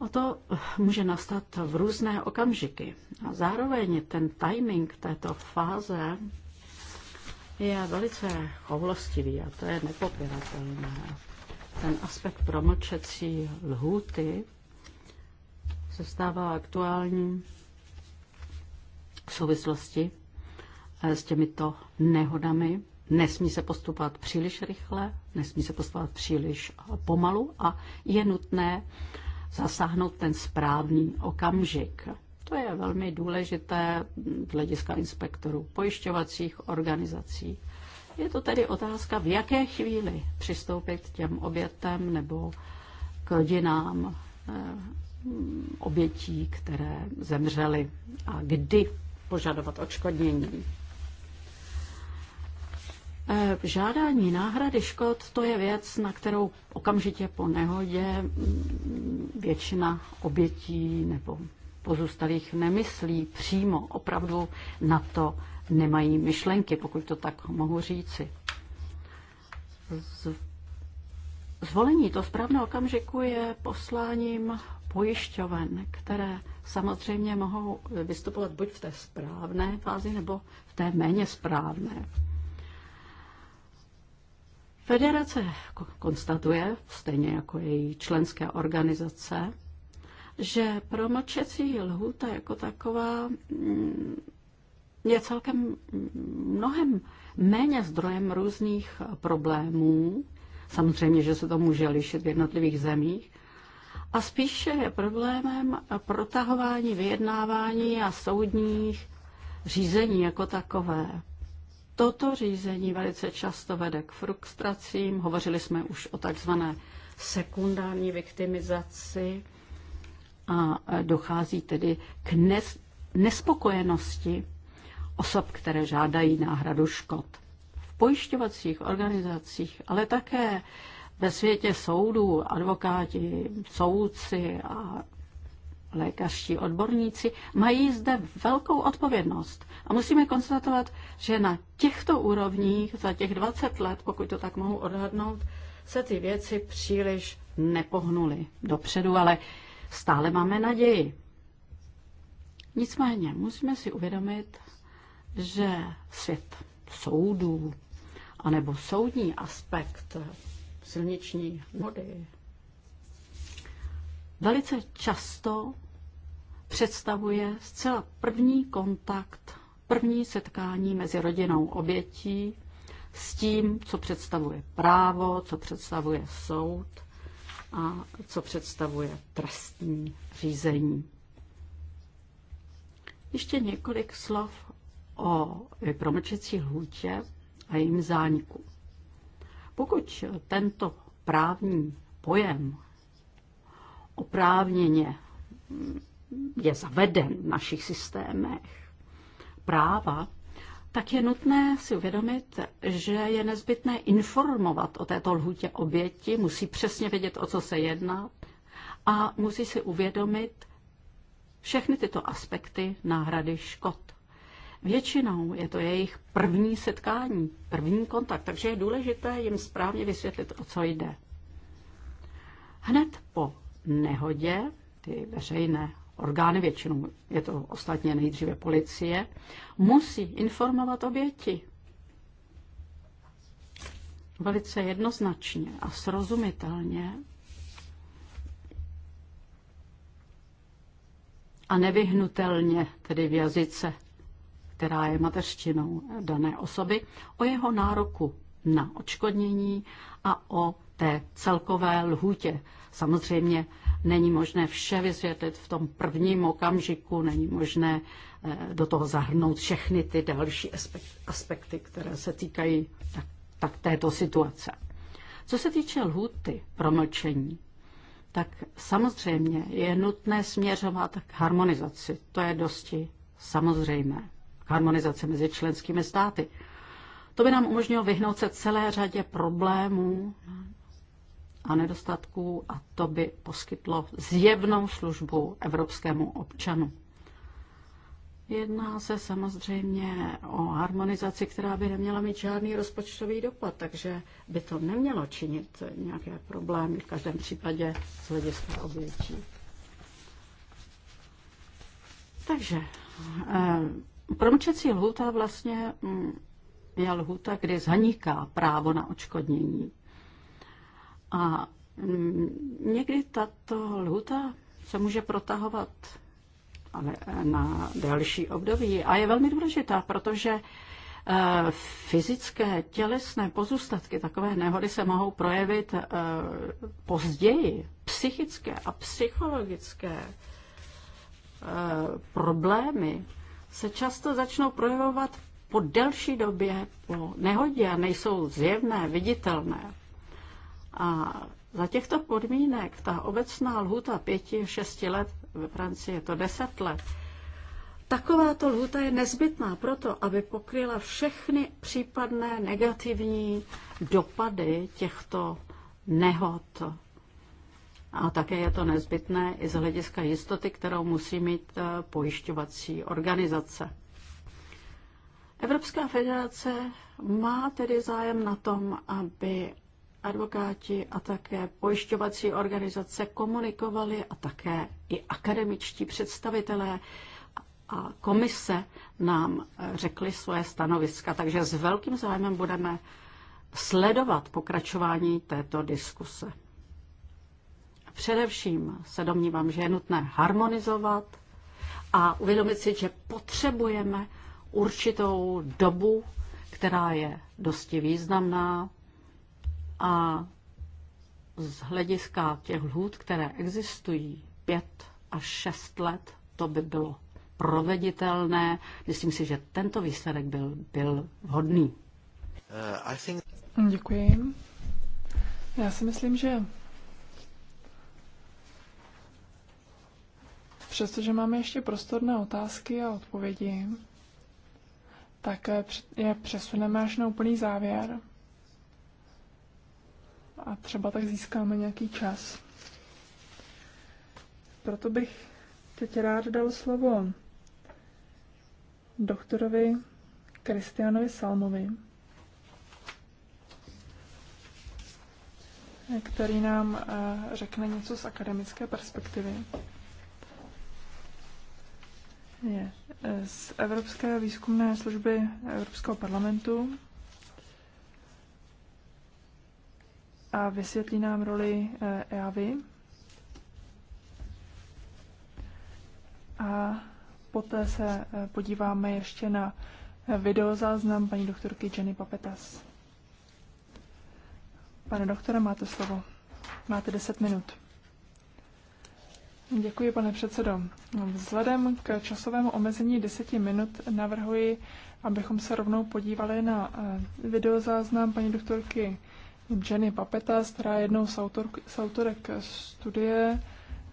A to může nastat v různé okamžiky. A zároveň ten timing této fáze je velice choulostivý a to je nepopiratelné. Ten aspekt promlčecí lhůty se stává aktuální v souvislosti s těmito nehodami. Nesmí se postupovat příliš rychle, nesmí se postupovat příliš pomalu a je nutné zasáhnout ten správný okamžik. To je velmi důležité z hlediska inspektorů pojišťovacích organizací. Je to tedy otázka, v jaké chvíli přistoupit k těm obětem nebo k rodinám eh, obětí, které zemřely a kdy požadovat odškodnění. Eh, žádání náhrady škod to je věc, na kterou okamžitě po nehodě mm, většina obětí nebo pozůstalých nemyslí přímo, opravdu na to nemají myšlenky, pokud to tak mohu říci. Zvolení to správného okamžiku je posláním pojišťoven, které samozřejmě mohou vystupovat buď v té správné fázi nebo v té méně správné. Federace konstatuje, stejně jako její členské organizace, že promlčecí lhůta jako taková mm, je celkem mnohem méně zdrojem různých problémů. Samozřejmě, že se to může lišit v jednotlivých zemích. A spíše je problémem protahování vyjednávání a soudních řízení jako takové toto řízení velice často vede k frustracím. Hovořili jsme už o takzvané sekundární viktimizaci a dochází tedy k nes- nespokojenosti osob, které žádají náhradu škod. V pojišťovacích organizacích, ale také ve světě soudů, advokáti, soudci a lékařští odborníci, mají zde velkou odpovědnost. A musíme konstatovat, že na těchto úrovních za těch 20 let, pokud to tak mohu odhadnout, se ty věci příliš nepohnuly dopředu, ale stále máme naději. Nicméně musíme si uvědomit, že svět soudů anebo soudní aspekt silniční mody velice často představuje zcela první kontakt, první setkání mezi rodinou obětí s tím, co představuje právo, co představuje soud a co představuje trestní řízení. Ještě několik slov o promlčecí lhůtě a jejím zániku. Pokud tento právní pojem oprávněně je zaveden v našich systémech práva, tak je nutné si uvědomit, že je nezbytné informovat o této lhůtě oběti, musí přesně vědět, o co se jedná a musí si uvědomit všechny tyto aspekty náhrady škod. Většinou je to jejich první setkání, první kontakt, takže je důležité jim správně vysvětlit, o co jde. Hned po nehodě, ty veřejné orgány, většinou je to ostatně nejdříve policie, musí informovat oběti. Velice jednoznačně a srozumitelně a nevyhnutelně, tedy v jazyce, která je mateřštinou dané osoby, o jeho nároku na odškodnění a o té celkové lhůtě, Samozřejmě není možné vše vysvětlit v tom prvním okamžiku, není možné eh, do toho zahrnout všechny ty další aspekty, které se týkají tak, tak této situace. Co se týče lhuty promlčení, tak samozřejmě je nutné směřovat k harmonizaci. To je dosti samozřejmé. Harmonizace mezi členskými státy. To by nám umožnilo vyhnout se celé řadě problémů a nedostatků a to by poskytlo zjevnou službu evropskému občanu. Jedná se samozřejmě o harmonizaci, která by neměla mít žádný rozpočtový dopad, takže by to nemělo činit nějaké problémy v každém případě z hlediska obětí. Takže eh, promčecí lhůta vlastně mm, je lhůta, kdy zaniká právo na očkodnění. A mm, někdy tato lhuta se může protahovat ale eh, na delší období a je velmi důležitá, protože eh, fyzické, tělesné pozůstatky takové nehody se mohou projevit eh, později. Psychické a psychologické problémy se často začnou projevovat po delší době po nehodě a nejsou zjevné, viditelné. A za těchto podmínek ta obecná lhuta pěti, šesti let, ve Francii je to deset let, takováto lhuta je nezbytná proto, aby pokryla všechny případné negativní dopady těchto nehod. A také je to nezbytné i z hlediska jistoty, kterou musí mít eh, pojišťovací organizace. Evropská federace má tedy zájem na tom, aby advokáti a také pojišťovací organizace komunikovali a také i akademičtí představitelé a komise nám eh, řekli svoje stanoviska, takže s velkým zájmem budeme sledovat pokračování této diskuse. Především se domnívám, že je nutné harmonizovat a uvědomit si, že potřebujeme určitou dobu, která je dosti významná a z hlediska těch lhůt, které existují, pět až šest let, to by bylo proveditelné. Myslím si, že tento výsledek byl, byl vhodný. Uh, think... Děkuji. Já si myslím, že přestože máme ještě prostor na otázky a odpovědi, tak eh, je přesuneme až na úplný závěr a třeba tak získáme nějaký čas. Proto bych teď rád dal slovo doktorovi Kristianovi Salmovi, který nám eh, řekne něco z akademické perspektivy. Je eh, z Evropské výzkumné služby Evropského parlamentu a vysvětlí nám roli EAVy. Eh, e a poté se eh, podíváme ještě na videozáznam paní doktorky Jenny Papetas. Pane doktore, máte slovo. Máte 10 minut. Děkuji, pane předsedo. Vzhledem k časovému omezení 10 minut navrhuji, abychom se rovnou podívali na eh, videozáznam paní doktorky Jenny papeta která je jednou z, autor, z autorek studie,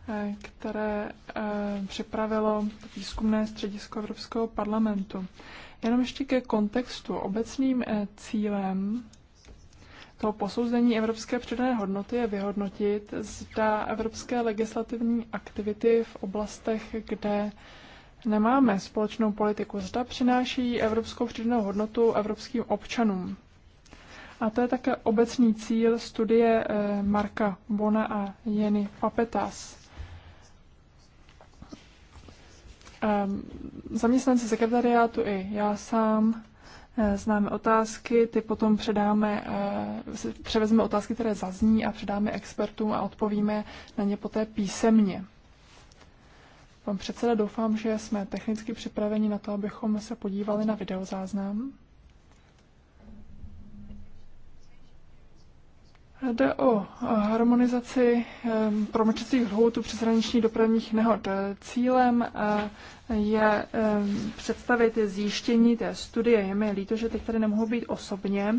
eh, které eh, připravilo výzkumné středisko Evropského parlamentu. Jenom ještě ke kontextu. Obecným eh, cílem toho posouzení evropské předané hodnoty je vyhodnotit, zda evropské legislativní aktivity v oblastech, kde nemáme společnou politiku, zda přináší evropskou přidanou hodnotu evropským občanům. A to je také obecný cíl studie eh, Marka Bona a Jeny Papetas. Ehm, zaměstnanci sekretariátu i já sám eh, známe otázky, ty potom předáme, eh, převezme otázky, které zazní a předáme expertům a odpovíme na ně poté písemně. Pan předseda, doufám, že jsme technicky připraveni na to, abychom se podívali na videozáznam. Jde o eh, harmonizaci eh, promlčecích lhůtů přeshraničních dopravních nehod. Cílem eh, je představit zjištění té studie. Je mi líto, že teď tady nemohu být osobně.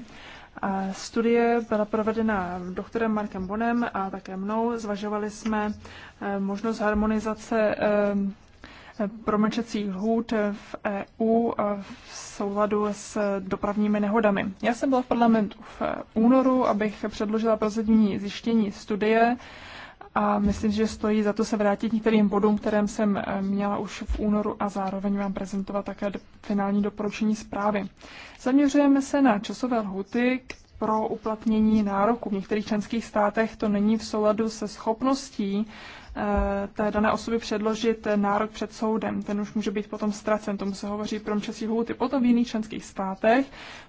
Studie byla provedena doktorem Markem Bonem a také mnou. Zvažovali jsme možnost harmonizace promlčecí lhůt v EU v souladu s dopravními nehodami. Já jsem byla v parlamentu v únoru, abych předložila prozadní zjištění studie a myslím, že stojí za to se vrátit některým bodům, kterým jsem eh, měla už v únoru a zároveň vám prezentovat také finální doporučení zprávy. Zaměřujeme se na časové lhuty, pro uplatnění nároku. V některých členských státech to není v souladu se schopností Eh, té dané osoby předložit nárok před soudem. Ten už může být potom ztracen, tomu se hovoří promčací lhůty. Potom v jiných členských státech,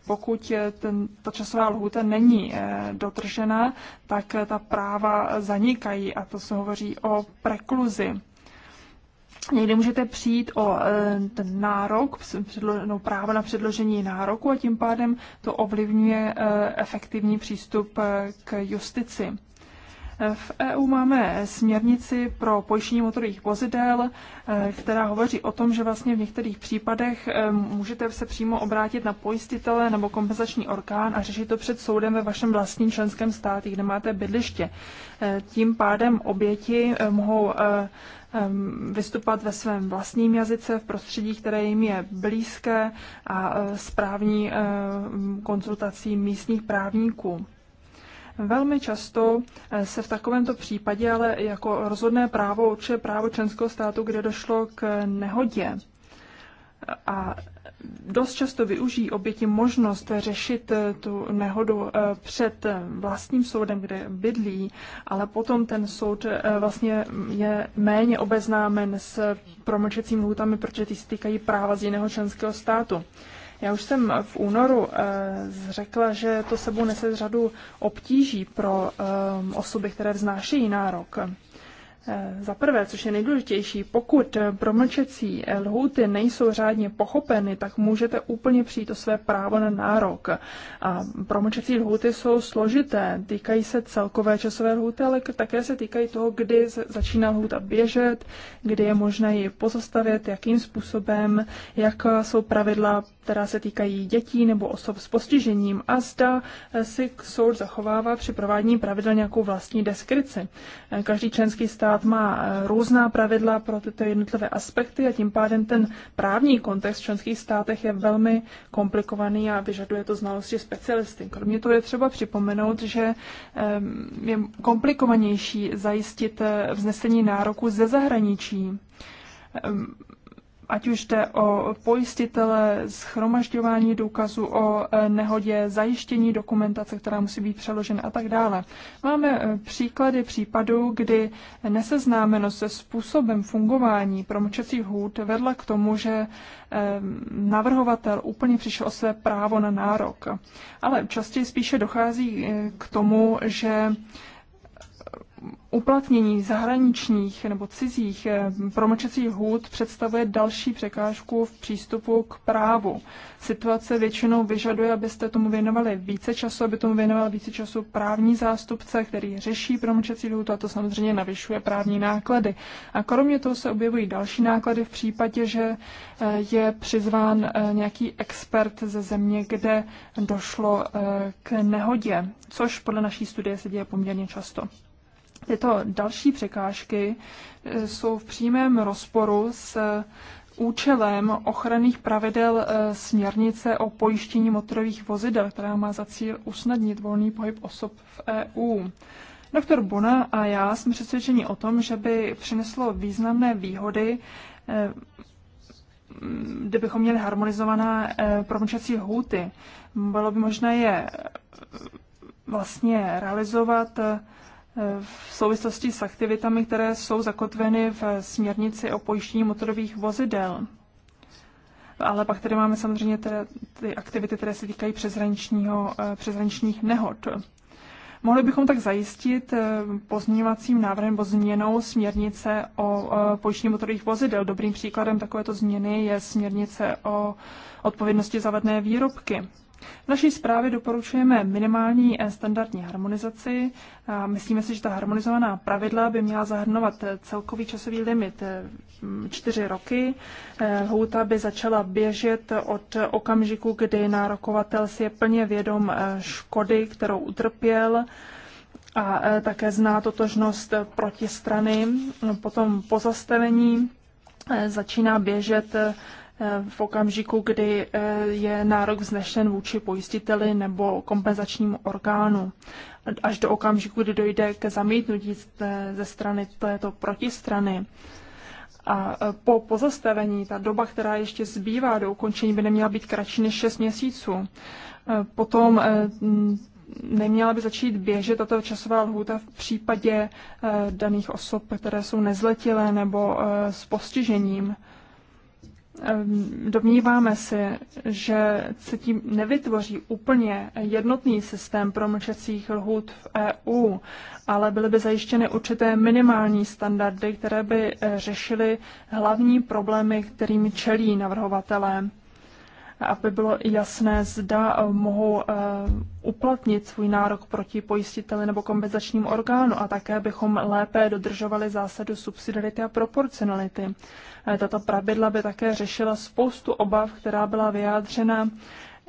pokud ten, ta časová lhůta není eh, dotržena, tak eh, ta práva zanikají a to se hovoří o prekluzi. Někdy můžete přijít o ten nárok, no, právo na předložení nároku a tím pádem to ovlivňuje efektivní přístup k justici. V EU máme směrnici pro pojištění motorových vozidel, eh, která hovoří o tom, že vlastně v některých případech eh, můžete se přímo obrátit na pojistitele nebo kompenzační orgán a řešit to před soudem ve vašem vlastním členském státě, kde máte bydliště. Eh, tím pádem oběti mohou vystupat ve svém vlastním jazyce, v prostředí, které jim je blízké a správní konzultací místních právníků. Velmi často eh, se v takovémto případě ale jako rozhodné právo určuje právo členského státu, kde došlo k nehodě. A dost často využijí oběti možnost řešit eh, tu nehodu eh, před vlastním soudem, kde bydlí, ale potom ten soud vlastně je méně obeznámen s promlčecím lůtami, protože ty se týkají práva z jiného členského státu. Já už jsem v únoru eh, řekla, že to sebou nese řadu obtíží pro eh, osoby, které vznášejí nárok. Eh, za prvé, což je nejdůležitější, pokud eh, promlčecí eh, lhuty nejsou řádně pochopeny, tak můžete úplně přijít o své právo na nárok. A promlčecí lhuty jsou složité, týkají se celkové časové lhuty, ale také se týkají toho, kdy začíná lhuta běžet, kdy je možné ji pozastavit, jakým způsobem, jak jsou pravidla, která se týkají dětí nebo osob s postižením a zda si soud zachovává při provádění pravidel nějakou vlastní deskrici. Každý členský stát stát má eh, různá pravidla pro tyto jednotlivé aspekty a tím pádem ten právní kontext v členských státech je velmi komplikovaný a vyžaduje to znalosti specialisty. Kromě toho je třeba připomenout, že eh, je komplikovanější zajistit eh, vznesení nároku ze zahraničí ať už jde o pojistitele, schromažďování důkazu o e, nehodě, zajištění dokumentace, která musí být přeložena a tak dále. Máme e, příklady případů, kdy neseznámenost se způsobem fungování promlčecích hůd vedla k tomu, že e, navrhovatel úplně přišel o své právo na nárok. Ale častěji spíše dochází k tomu, že uplatnění zahraničních nebo cizích eh, promlčecích hůd představuje další překážku v přístupu k právu. Situace většinou vyžaduje, abyste tomu věnovali více času, aby tomu věnoval více času právní zástupce, který řeší promlčecí lhůtu a to samozřejmě navyšuje právní náklady. A kromě toho se objevují další náklady v případě, že eh, je přizván eh, nějaký expert ze země, kde došlo k nehodě, což podle naší studie se děje poměrně často. Tyto další překážky eh, jsou v přímém rozporu s eh, účelem ochranných pravidel eh, směrnice o pojištění motorových vozidel, která má za cíl usnadnit volný pohyb osob v EU. Doktor Bona a já jsme přesvědčeni o tom, že by přineslo významné výhody, kdybychom měli harmonizovaná promlčací hůty. Bylo by možné je vlastně realizovat v souvislosti s aktivitami, které jsou zakotveny v směrnici o pojištění motorových vozidel. Ale pak tady máme samozřejmě teda ty aktivity, které se týkají přeshraničního, eh, přeshraničních nehod. Mohli bychom tak zajistit eh, pozměňovacím návrhem nebo změnou směrnice o eh, pojištění motorových vozidel. Dobrým příkladem takovéto změny je směrnice o odpovědnosti za vadné výrobky. V naší zprávě doporučujeme minimální eh, standardní harmonizaci. Myslíme si, že ta harmonizovaná pravidla by měla zahrnovat eh, celkový časový limit eh, čtyři roky. Houta by začala běžet od okamžiku, kdy nárokovatel si je plně vědom škody, kterou utrpěl a také zná totožnost protistrany. Potom pozastavení začíná běžet Eh, v okamžiku, kdy eh, je nárok vznešen vůči pojistiteli nebo kompenzačnímu orgánu, až do okamžiku, kdy dojde ke zamítnutí eh, ze strany této protistrany. A po pozastavení, ta doba, která ještě zbývá do ukončení, by neměla být kratší než 6 měsíců. Potom neměla by začít běžet tato časová lhůta v případě daných osob, které jsou nezletilé nebo s postižením. Domníváme se, že se tím nevytvoří úplně jednotný systém promlčecích lhůt v EU, ale byly by zajištěny určité minimální standardy, které by eh, řešily hlavní problémy, kterým čelí navrhovatelé aby bylo jasné, zda eh, mohou eh, uplatnit svůj nárok proti pojistiteli nebo kompenzačním orgánu a také bychom lépe dodržovali zásadu subsidiarity a proporcionality. Eh, tato pravidla by také řešila spoustu obav, která byla vyjádřena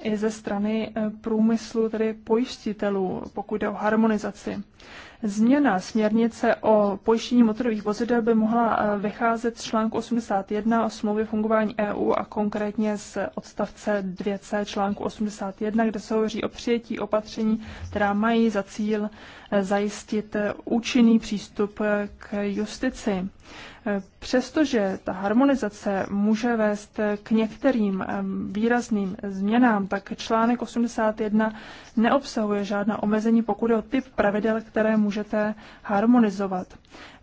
i ze strany e, průmyslu, tedy pojištitelů, pokud jde o harmonizaci. Změna směrnice o pojištění motorových vozidel by mohla e, vycházet z článku 81 o smlouvě fungování EU a konkrétně z odstavce 2c článku 81, kde se hovoří o přijetí opatření, která mají za cíl e, zajistit účinný přístup k justici. Přestože ta harmonizace může vést k některým výrazným změnám, tak článek 81 neobsahuje žádná omezení, pokud je o typ pravidel, které můžete harmonizovat.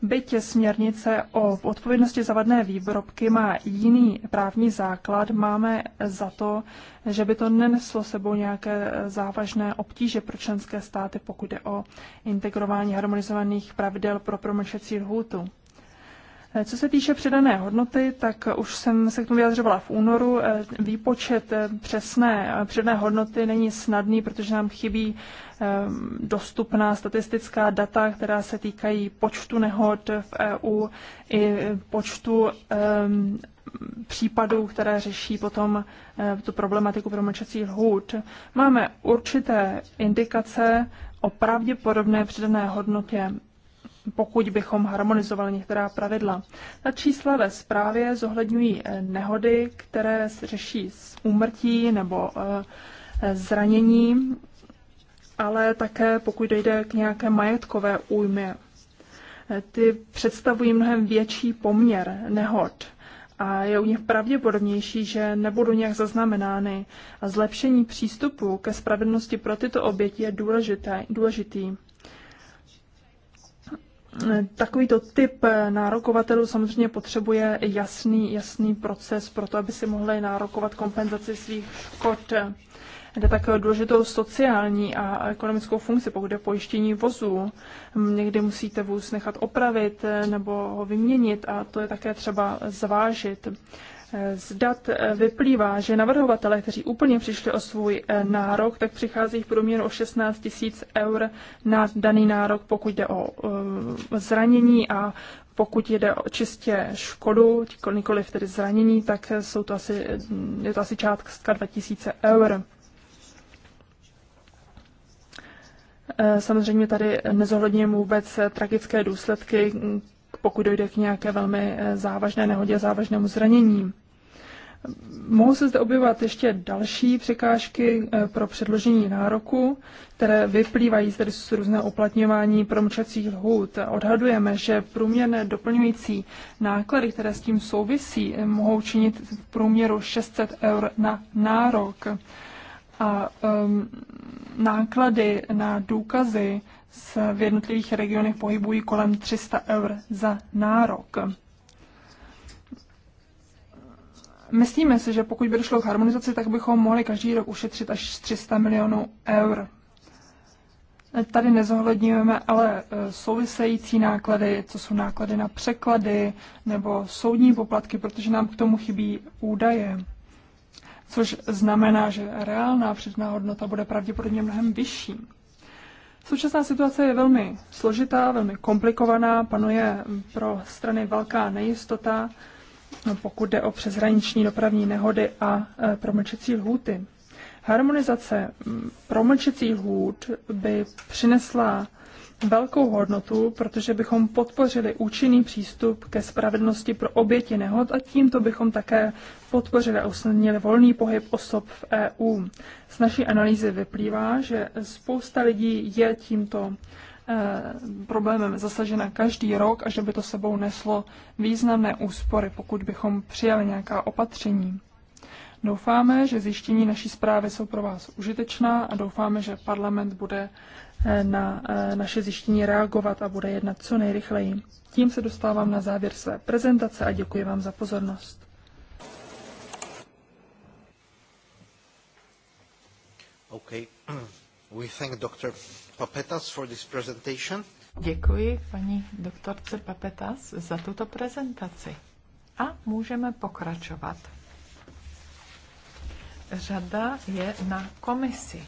Byť směrnice o odpovědnosti za vadné výrobky má jiný právní základ, máme za to, že by to neneslo sebou nějaké závažné obtíže pro členské státy, pokud je o integrování harmonizovaných pravidel pro promlčecí lhůtu. Co se týče přidané hodnoty, tak už jsem se k tomu vyjadřovala v únoru. Eh, výpočet eh, přesné eh, přidané hodnoty není snadný, protože nám chybí dostupná statistická data, která se týkají počtu nehod v EU i počtu případů, které řeší potom tu problematiku promlčecích lhůt. Máme určité indikace o pravděpodobné přidané hodnotě pokud bychom harmonizovali některá pravidla. Ta čísla ve zprávě zohledňují eh, nehody, které se řeší z úmrtí nebo eh, zranění, ale také pokud dojde k nějaké majetkové újmě. Eh, ty představují mnohem větší poměr nehod a je u nich pravděpodobnější, že nebudou nějak zaznamenány. A zlepšení přístupu ke spravedlnosti pro tyto oběti je důležité, důležitý takovýto typ nárokovatelů samozřejmě potřebuje jasný, jasný proces pro to, aby si mohli nárokovat kompenzaci svých škod. Jde také o důležitou sociální a ekonomickou funkci, pokud je pojištění vozu. Někdy musíte vůz nechat opravit nebo ho vyměnit a to je také třeba zvážit. Z dat eh, vyplývá, že navrhovatele, kteří úplně přišli o svůj eh, nárok, tak přichází v průměru o 16 tisíc eur na daný nárok, pokud jde o eh, zranění a pokud jde o čistě škodu, nikoliv tedy zranění, tak jsou to asi, je to asi částka 2000 eur. Samozřejmě tady nezohledněme vůbec tragické důsledky, pokud dojde k nějaké velmi eh, závažné nehodě, závažnému zranění. Mohou se zde objevovat ještě další překážky eh, pro předložení nároku, které vyplývají tedy z různé uplatňování promlčacích lhůt. Odhadujeme, že průměrné doplňující náklady, které s tím souvisí, eh, mohou činit v průměru 600 eur na nárok. A um, náklady na důkazy s, v jednotlivých regionech pohybují kolem 300 eur za nárok. Myslíme si, že pokud by došlo k harmonizaci, tak bychom mohli každý rok ušetřit až 300 milionů eur. Tady nezohledňujeme ale e, související náklady, co jsou náklady na překlady nebo soudní poplatky, protože nám k tomu chybí údaje. Což znamená, že reálná předná hodnota bude pravděpodobně mnohem vyšší. Současná situace je velmi složitá, velmi komplikovaná, panuje pro strany velká nejistota, pokud jde o přeshraniční dopravní nehody a e, promlčecí lhůty. Harmonizace promlčecí lhůt by přinesla velkou hodnotu, protože bychom podpořili účinný přístup ke spravedlnosti pro oběti nehod a tímto bychom také podpořili a usnadnili volný pohyb osob v EU. Z naší analýzy vyplývá, že spousta lidí je tímto eh, problémem zasažena každý rok a že by to sebou neslo významné úspory, pokud bychom přijali nějaká opatření. Doufáme, že zjištění naší zprávy jsou pro vás užitečná a doufáme, že parlament bude eh, na eh, naše zjištění reagovat a bude jednat co nejrychleji. Tím se dostávám na závěr své prezentace a děkuji vám za pozornost. Okay. We thank Dr. Papetas for this presentation. Děkuji paní doktorce Papetas za tuto prezentaci. A můžeme pokračovat řada je na komisi.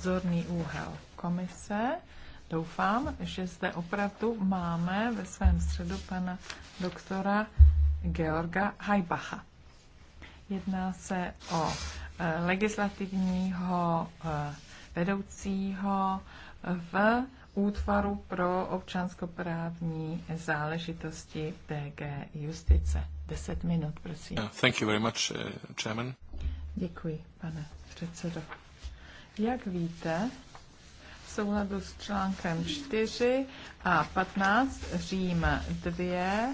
Zorný úhel komise. Doufám, že zde opravdu máme ve svém středu pana doktora Georga Hajbacha. Jedná se o eh, legislativního eh, vedoucího eh, v útvaru pro občanskoprávní záležitosti DG Justice. Deset minut, prosím. Thank you very much, Chairman. Děkuji, pane předsedo. Jak víte, v souladu s článkem 4 a 15 Řím 2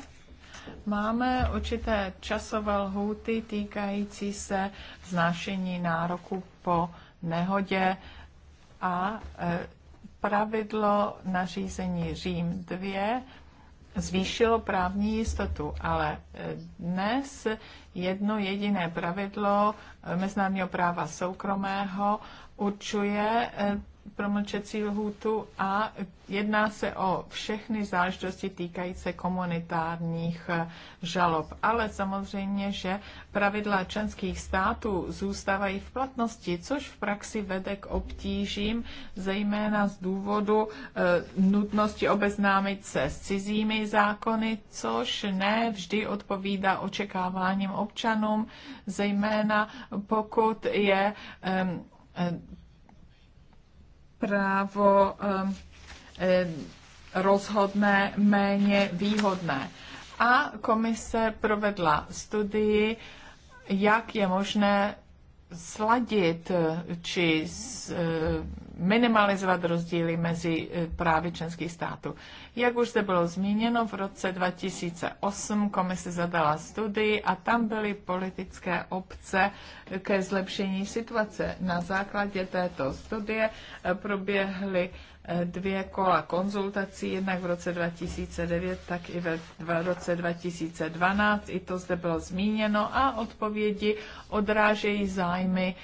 máme určité časové lhuty týkající se znášení nároku po nehodě a e, pravidlo nařízení Řím 2 zvýšilo právní jistotu, ale eh, dnes jedno jediné pravidlo eh, mezinárodního práva soukromého určuje eh, promlčecí lhůtu a jedná se o všechny záležitosti týkající komunitárních eh, žalob. Ale samozřejmě, že pravidla členských států zůstávají v platnosti, což v praxi vede k obtížím, zejména z důvodu eh, nutnosti obeznámit se s cizími zákony, což ne vždy odpovídá očekáváním občanům, zejména pokud je eh, právo um, um, rozhodné méně výhodné. A komise provedla studii, jak je možné sladit eh, či eh, minimalizovat rozdíly mezi eh, právy členských států. Jak už zde bylo zmíněno, v roce 2008 komise zadala studii a tam byly politické obce ke zlepšení situace. Na základě této studie proběhly dvě kola konzultací, jednak v roce 2009, tak i v roce 2012. I to zde bylo zmíněno a odpovědi odrážejí zájmy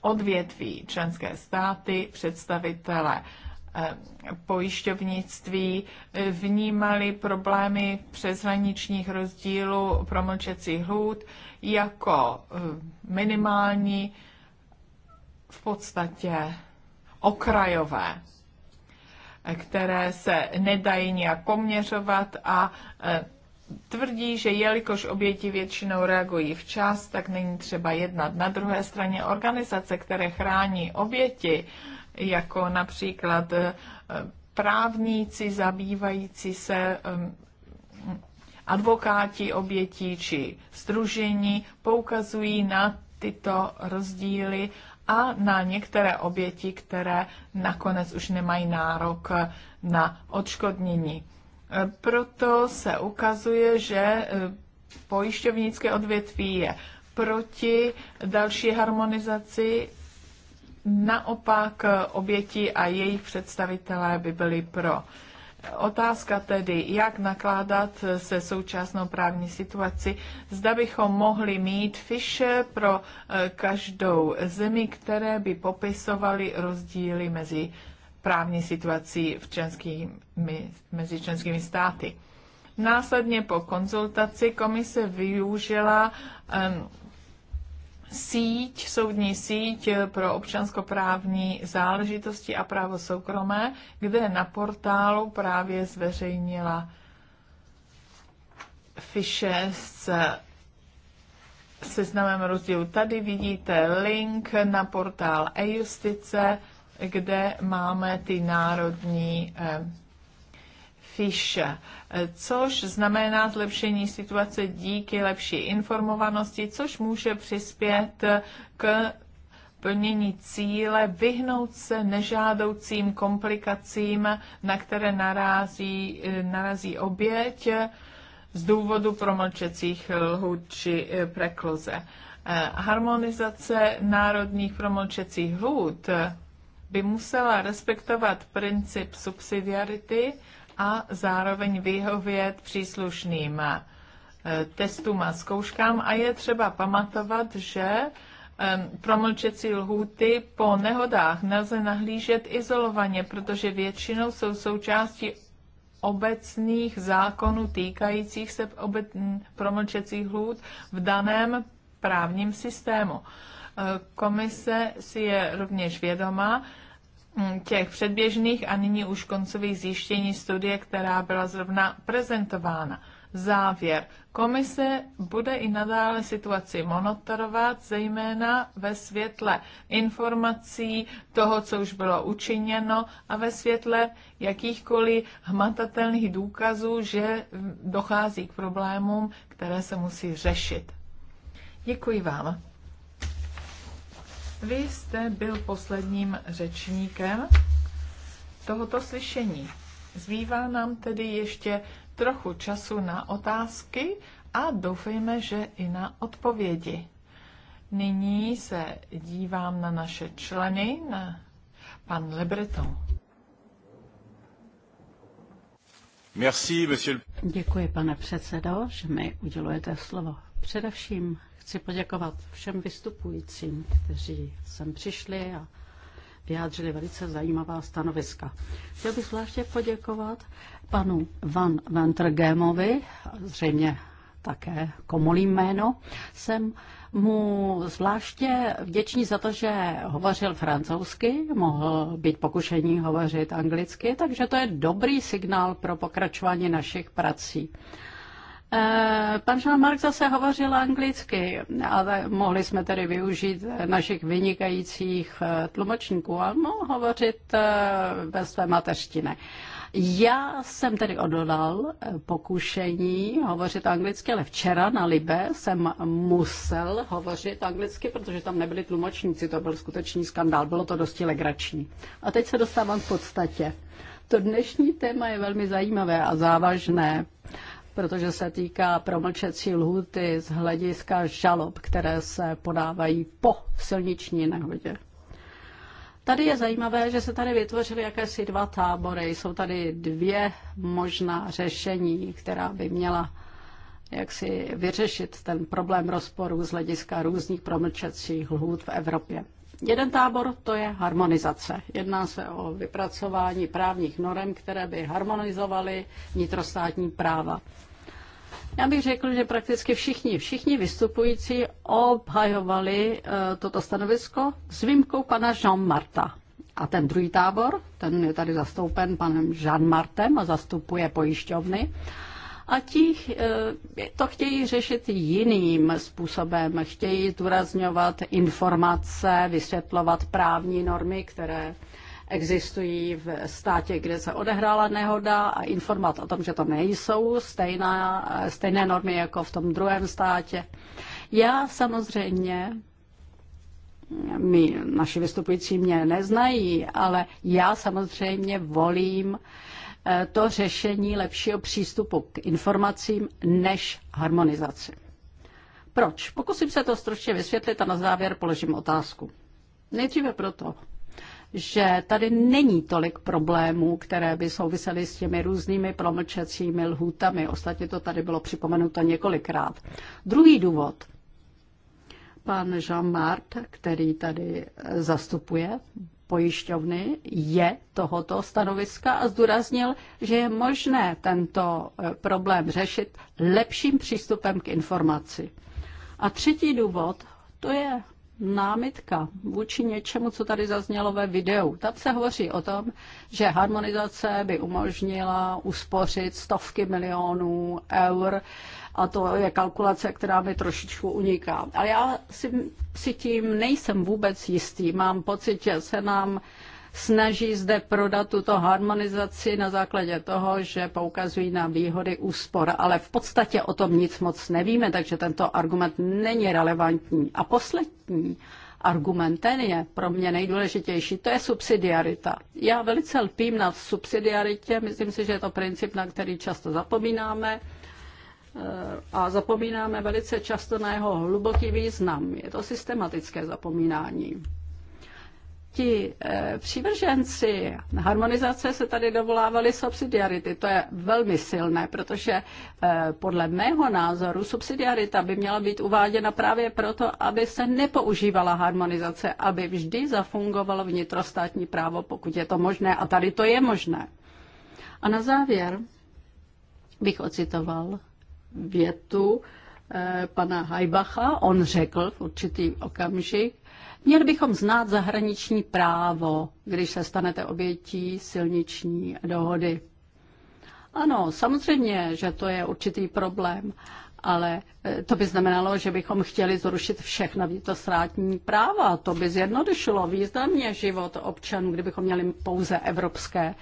odvětví členské státy, představitele pojišťovnictví eh, vnímali problémy přeshraničních rozdílů promlčecích hlůd jako eh, minimální, v podstatě okrajové které se nedají nějak poměřovat a e, tvrdí, že jelikož oběti většinou reagují včas, tak není třeba jednat. Na druhé straně organizace, které chrání oběti, jako například e, právníci zabývající se advokáti obětí či združení poukazují na tyto rozdíly a na některé oběti, které nakonec už nemají nárok na odškodnění. Proto se ukazuje, že e, pojišťovnické odvětví je proti další harmonizaci. Naopak e, oběti a jejich představitelé by byli pro. Otázka tedy, jak nakládat se současnou právní situaci. Zda bychom mohli mít fiše pro eh, každou zemi, které by popisovaly rozdíly mezi právní situací v členskými, mezi členskými státy. Následně po konzultaci komise využila um, síť, soudní síť pro občanskoprávní záležitosti a právo soukromé, kde na portálu právě zveřejnila fiše s seznamem rozdílu. Tady vidíte link na portál e-justice, kde máme ty národní eh, Fische, což znamená zlepšení situace díky lepší informovanosti, což může přispět k plnění cíle, vyhnout se nežádoucím komplikacím, na které narazí, narazí oběť z důvodu promlčecích lhůt či prekluze. Harmonizace národních promlčecích lhůt by musela respektovat princip subsidiarity a zároveň vyhovět příslušným eh, testům a zkouškám a je třeba pamatovat, že promlčecí lhůty po nehodách nelze nahlížet izolovaně, protože většinou jsou součástí obecných zákonů týkajících se promlčecích lhůt v daném právním systému. Eh, komise si je rovněž vědoma, Mm, těch předběžných a nyní už koncových zjištění studie, která byla zrovna prezentována. Závěr. Komise bude i nadále situaci monitorovat, zejména ve světle informací toho, co už bylo učiněno a ve světle jakýchkoliv hmatatelných důkazů, že dochází k problémům, které se musí řešit. Děkuji vám. Vy jste byl posledním řečníkem tohoto slyšení. Zbývá nám tedy ještě trochu času na otázky a doufejme, že i na odpovědi. Nyní se dívám na naše členy, na pan Lebreton. Merci, monsieur. Děkuji, pane předsedo, že mi udělujete slovo. Především Chci poděkovat všem vystupujícím, kteří sem přišli a vyjádřili velice zajímavá stanoviska. Chtěl bych zvláště poděkovat panu Van Ventergémovi, zřejmě také komolí jméno. Jsem mu zvláště vděčný za to, že hovořil francouzsky, mohl být pokušení hovořit anglicky, takže to je dobrý signál pro pokračování našich prací. Eh, pan jean Mark zase hovořil anglicky, ale mohli jsme tedy využít eh, našich vynikajících eh, tlumočníků a mohl hovořit ve své mateřtině. Já jsem tedy odolal pokušení hovořit anglicky, ale včera na Libe jsem musel hovořit anglicky, protože tam nebyli tlumočníci, to byl skutečný skandál, bylo to dosti legrační. A teď se dostávám k podstatě. To dnešní téma je velmi zajímavé a závažné protože se týká promlčecí lhuty z hlediska žalob, které se podávají po silniční nehodě. Tady je zajímavé, že se tady vytvořily jakési dva tábory. Jsou tady dvě možná řešení, která by měla jak si vyřešit ten problém rozporu z hlediska různých promlčecích lhůt v Evropě. Jeden tábor to je harmonizace. Jedná se o vypracování právních norem, které by harmonizovaly vnitrostátní práva. Já bych řekl, že prakticky všichni, všichni vystupující obhajovali e, toto stanovisko s výjimkou pana Jean Marta. A ten druhý tábor, ten je tady zastoupen panem Jean Martem a zastupuje pojišťovny. E, a ti eh, to chtějí řešit jiným způsobem. Chtějí zdůrazňovat informace, vysvětlovat právní normy, které existují v státě, kde se odehrála nehoda a informovat o tom, že to nejsou stejná, eh, stejné normy jako v tom druhém státě. Já samozřejmě mm, my, naši vystupující mě neznají, ale já samozřejmě volím to řešení lepšího přístupu k informacím než harmonizaci. Proč? Pokusím se to stručně vysvětlit a na závěr položím otázku. Nejdříve proto, že tady není tolik problémů, které by souvisely s těmi různými promlčecími lhůtami. Ostatně to tady bylo připomenuto několikrát. Druhý důvod. Pan Jean Mart, který tady zastupuje pojišťovny je tohoto stanoviska a zdůraznil, že je možné tento eh, problém řešit lepším přístupem k informaci. A třetí důvod, to je námitka vůči něčemu, co tady zaznělo ve videu. Tam se hovoří o tom, že harmonizace by umožnila uspořit stovky milionů eur a to je kalkulace, která mi trošičku uniká. Ale já si, si tím nejsem vůbec jistý. Mám pocit, že se nám snaží zde prodat tuto harmonizaci na základě toho, že poukazují na výhody úspor, ale v podstatě o tom nic moc nevíme, takže tento argument není relevantní. A poslední argument, ten je pro mě nejdůležitější, to je subsidiarita. Já velice lpím na subsidiaritě, myslím si, že je to princip, na který často zapomínáme eh, a zapomínáme velice často na jeho hluboký význam. Je to systematické zapomínání ti eh, přívrženci harmonizace se tady dovolávali subsidiarity. To je velmi silné, protože eh, podle mého názoru subsidiarita by měla být uváděna právě proto, aby se nepoužívala harmonizace, aby vždy zafungovalo vnitrostátní právo, pokud je to možné. A tady to je možné. A na závěr bych ocitoval větu eh, pana Hajbacha. On řekl v určitý okamžik, Měli bychom znát zahraniční právo, když se stanete obětí silniční dohody. Ano, samozřejmě, že to je určitý problém, ale e, to by znamenalo, že bychom chtěli zrušit všechna vnitrostátní práva. To by zjednodušilo významně život občanů, kdybychom měli pouze evropské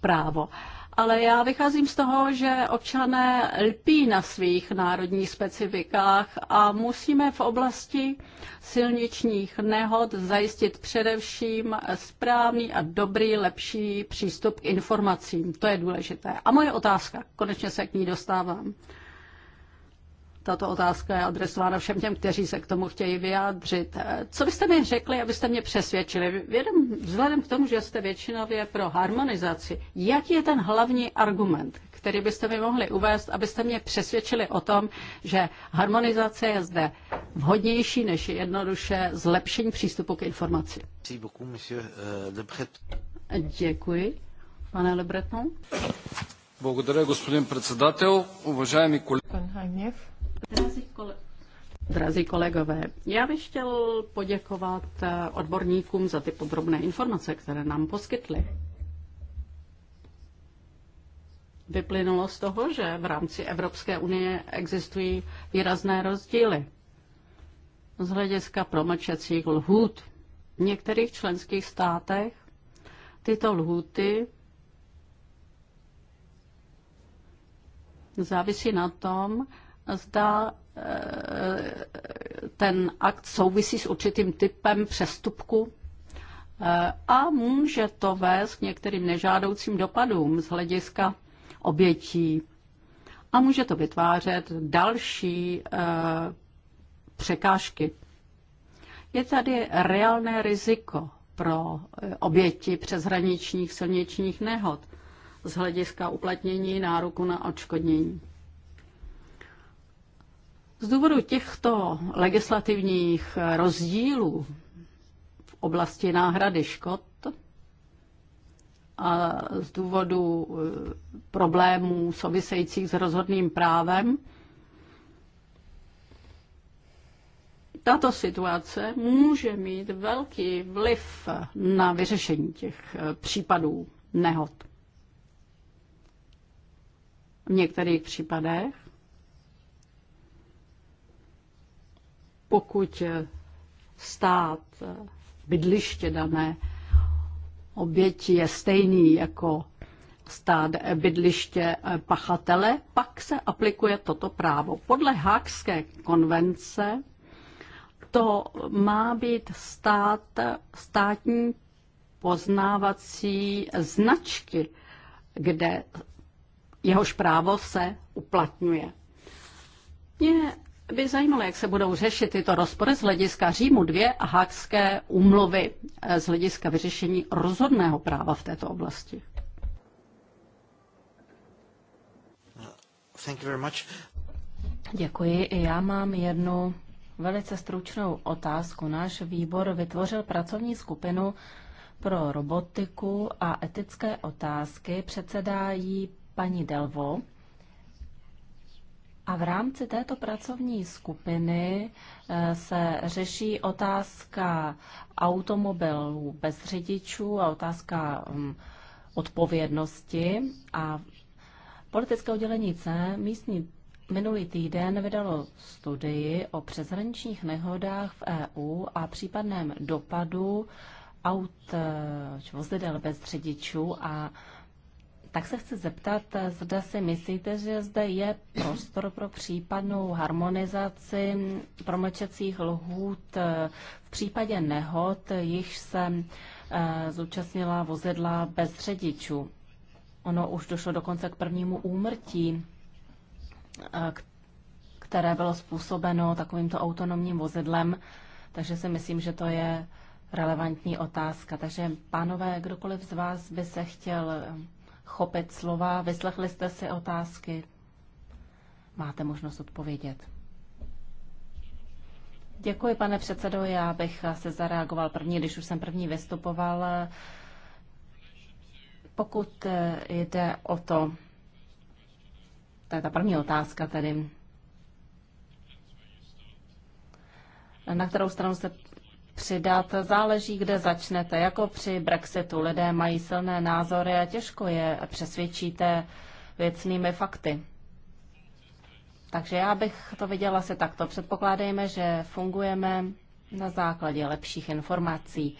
právo ale já vycházím z toho, že občané lpí na svých národních specifikách a musíme v oblasti silničních nehod zajistit především správný a dobrý, lepší přístup k informacím. To je důležité. A moje otázka, konečně se k ní dostávám. Tato otázka je adresována všem těm, kteří se k tomu chtějí vyjádřit. Co byste mi řekli, abyste mě přesvědčili? Vědom, vzhledem k tomu, že jste většinově pro harmonizaci, jaký je ten hlavní argument, který byste mi mohli uvést, abyste mě přesvědčili o tom, že harmonizace je zde vhodnější než jednoduše zlepšení přístupu k informaci? Euh, Děkuji, pane Lebreton. Děkuji, господин předsedatel, Уважаеми колеги... Drazí, kole... Drazí kolegové, já bych chtěl poděkovat eh, odborníkům za ty podrobné informace, které nám poskytli. Vyplynulo z toho, že v rámci Evropské unie existují výrazné rozdíly z hlediska promlčecích lhůt. V některých členských státech tyto lhůty závisí na tom, zda eh, ten akt souvisí s určitým typem přestupku eh, a může to vést k některým nežádoucím dopadům z hlediska obětí a může to vytvářet další eh, překážky. Je tady reálné riziko pro oběti přeshraničních silničních nehod z hlediska uplatnění nároku na odškodnění. Z důvodu těchto legislativních rozdílů v oblasti náhrady škod a z důvodu eh, problémů souvisejících s rozhodným právem, tato situace může mít velký vliv na vyřešení těch eh, případů nehod. V některých případech pokud stát bydliště dané oběti je stejný jako stát bydliště pachatele, pak se aplikuje toto právo. Podle Hákské konvence to má být stát, státní poznávací značky, kde jehož právo se uplatňuje. Mě by zajímalo, jak se budou řešit tyto rozpory z hlediska Římu 2 a Hákské úmluvy eh, z hlediska vyřešení rozhodného práva v této oblasti. Thank you very much. Děkuji. Já mám jednu velice stručnou otázku. Náš výbor vytvořil pracovní skupinu pro robotiku a etické otázky. Předsedá jí paní Delvo. A v rámci této pracovní skupiny eh, se řeší otázka automobilů bez řidičů a otázka mm, odpovědnosti. A politické oddělení C místní minulý týden vydalo studii o přeshraničních nehodách v EU a případném dopadu aut eh, vozidel bez řidičů a tak se chci zeptat, eh, zda si myslíte, že zde je prostor pro případnou harmonizaci promlčecích lhůt eh, v případě nehod, jichž se eh, zúčastnila vozidla bez řidičů. Ono už došlo dokonce k prvnímu úmrtí, které bylo způsobeno takovýmto autonomním vozidlem, takže si myslím, že to je relevantní otázka. Takže, pánové, kdokoliv z vás by se chtěl Chopet slova, vyslechli jste si otázky, máte možnost odpovědět. Děkuji, pane předsedo. Já bych se zareagoval první, když už jsem první vystupoval. Pokud jde o to, to je ta první otázka tedy, na kterou stranu se přidat. Záleží, kde začnete. Jako při Brexitu lidé mají silné názory a těžko je přesvědčíte věcnými fakty. Takže já bych to viděla se takto. Předpokládejme, že fungujeme na základě lepších informací.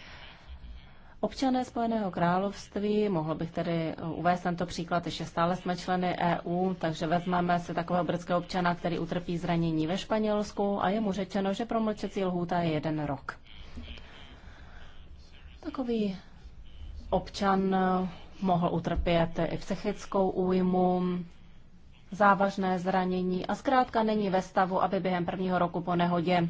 Občané Spojeného království, mohl bych tedy uvést tento příklad, ještě stále jsme členy EU, takže vezmeme si takového britského občana, který utrpí zranění ve Španělsku a je mu řečeno, že promlčecí lhůta je jeden rok. Takový občan eh, mohl utrpět i psychickou újmu, závažné zranění a zkrátka není ve stavu, aby během prvního roku po nehodě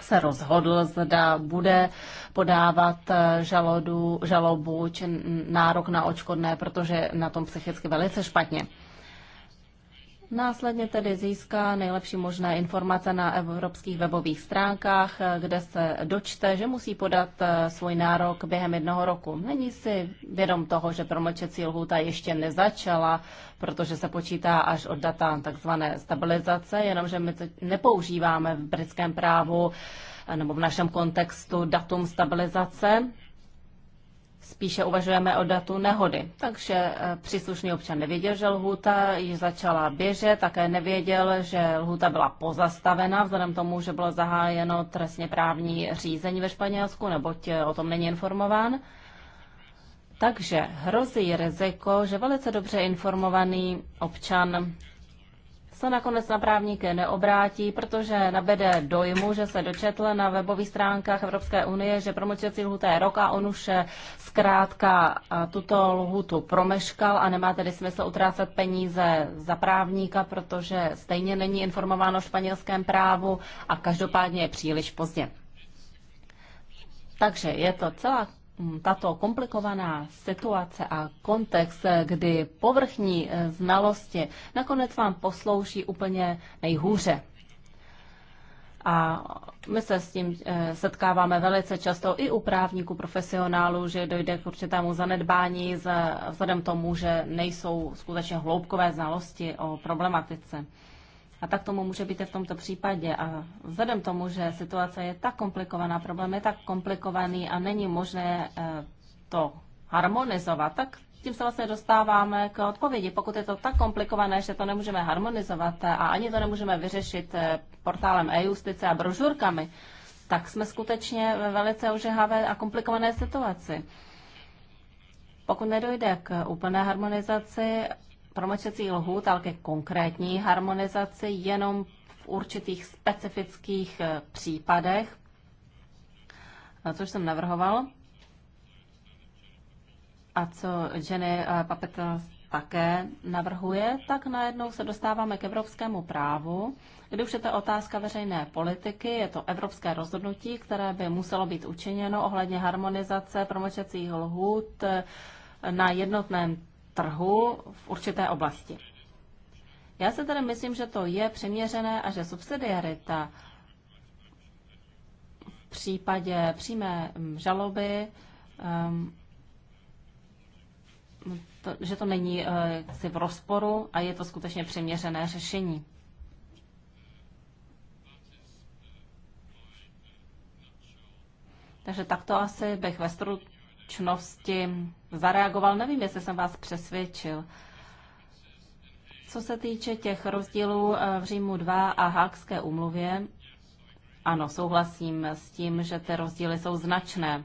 se rozhodl, zda bude podávat eh, žalodu, žalobu či nárok na očkodné, protože na tom psychicky velice špatně. Následně tedy získá nejlepší možné informace na evropských webových stránkách, kde se dočte, že musí podat eh, svůj nárok během jednoho roku. Není si vědom toho, že promlčecí lhůta ještě nezačala, protože se počítá až od data tzv. stabilizace, jenomže my teď nepoužíváme v britském právu eh, nebo v našem kontextu datum stabilizace, spíše uvažujeme o datu nehody. Takže eh, příslušný občan nevěděl, že lhůta již začala běžet, také nevěděl, že lhůta byla pozastavena vzhledem tomu, že bylo zahájeno trestně právní řízení ve Španělsku, neboť eh, o tom není informován. Takže hrozí riziko, že velice dobře informovaný občan se nakonec na právníky neobrátí, protože nabede dojmu, že se dočetl na webových stránkách Evropské unie, že promlčecí lhuta je rok a on už zkrátka tuto lhutu promeškal a nemá tedy smysl utrácet peníze za právníka, protože stejně není informováno o španělském právu a každopádně je příliš pozdě. Takže je to celá Mm, tato komplikovaná situace a kontext, eh, kdy povrchní eh, znalosti nakonec vám poslouží úplně nejhůře. A my se s tím eh, setkáváme velice často i u právníků, profesionálů, že dojde k určitému zanedbání vzhledem tomu, že nejsou skutečně hloubkové znalosti o problematice. A tak tomu může být i v tomto případě. A vzhledem tomu, že situace je tak komplikovaná, problém je tak komplikovaný a není možné eh, to harmonizovat, tak tím se vlastně dostáváme k odpovědi. Pokud je to tak komplikované, že to nemůžeme harmonizovat a ani to nemůžeme vyřešit eh, portálem e-justice a brožurkami, tak jsme skutečně ve velice ožehavé a komplikované situaci. Pokud nedojde k úplné harmonizaci, promlčecí lhůt, ale ke konkrétní harmonizaci jenom v určitých specifických eh, případech, což jsem navrhoval a co Jenny eh, Papetel eh, také navrhuje, tak najednou se dostáváme k evropskému právu, kdy už je to otázka veřejné politiky, je to evropské rozhodnutí, které by muselo být učiněno ohledně harmonizace promlčecích lhůt na jednotném trhu v určité oblasti. Já se tedy myslím, že to je přiměřené a že subsidiarita v případě přímé mm, žaloby, ehm, to, že to není eh, si v rozporu a je to skutečně přiměřené řešení. Takže takto asi bych ve stručnosti zareagoval. Nevím, jestli jsem vás přesvědčil. Co se týče těch rozdílů eh, v Římu 2 a Hákské umluvě, ano, souhlasím s tím, že ty rozdíly jsou značné,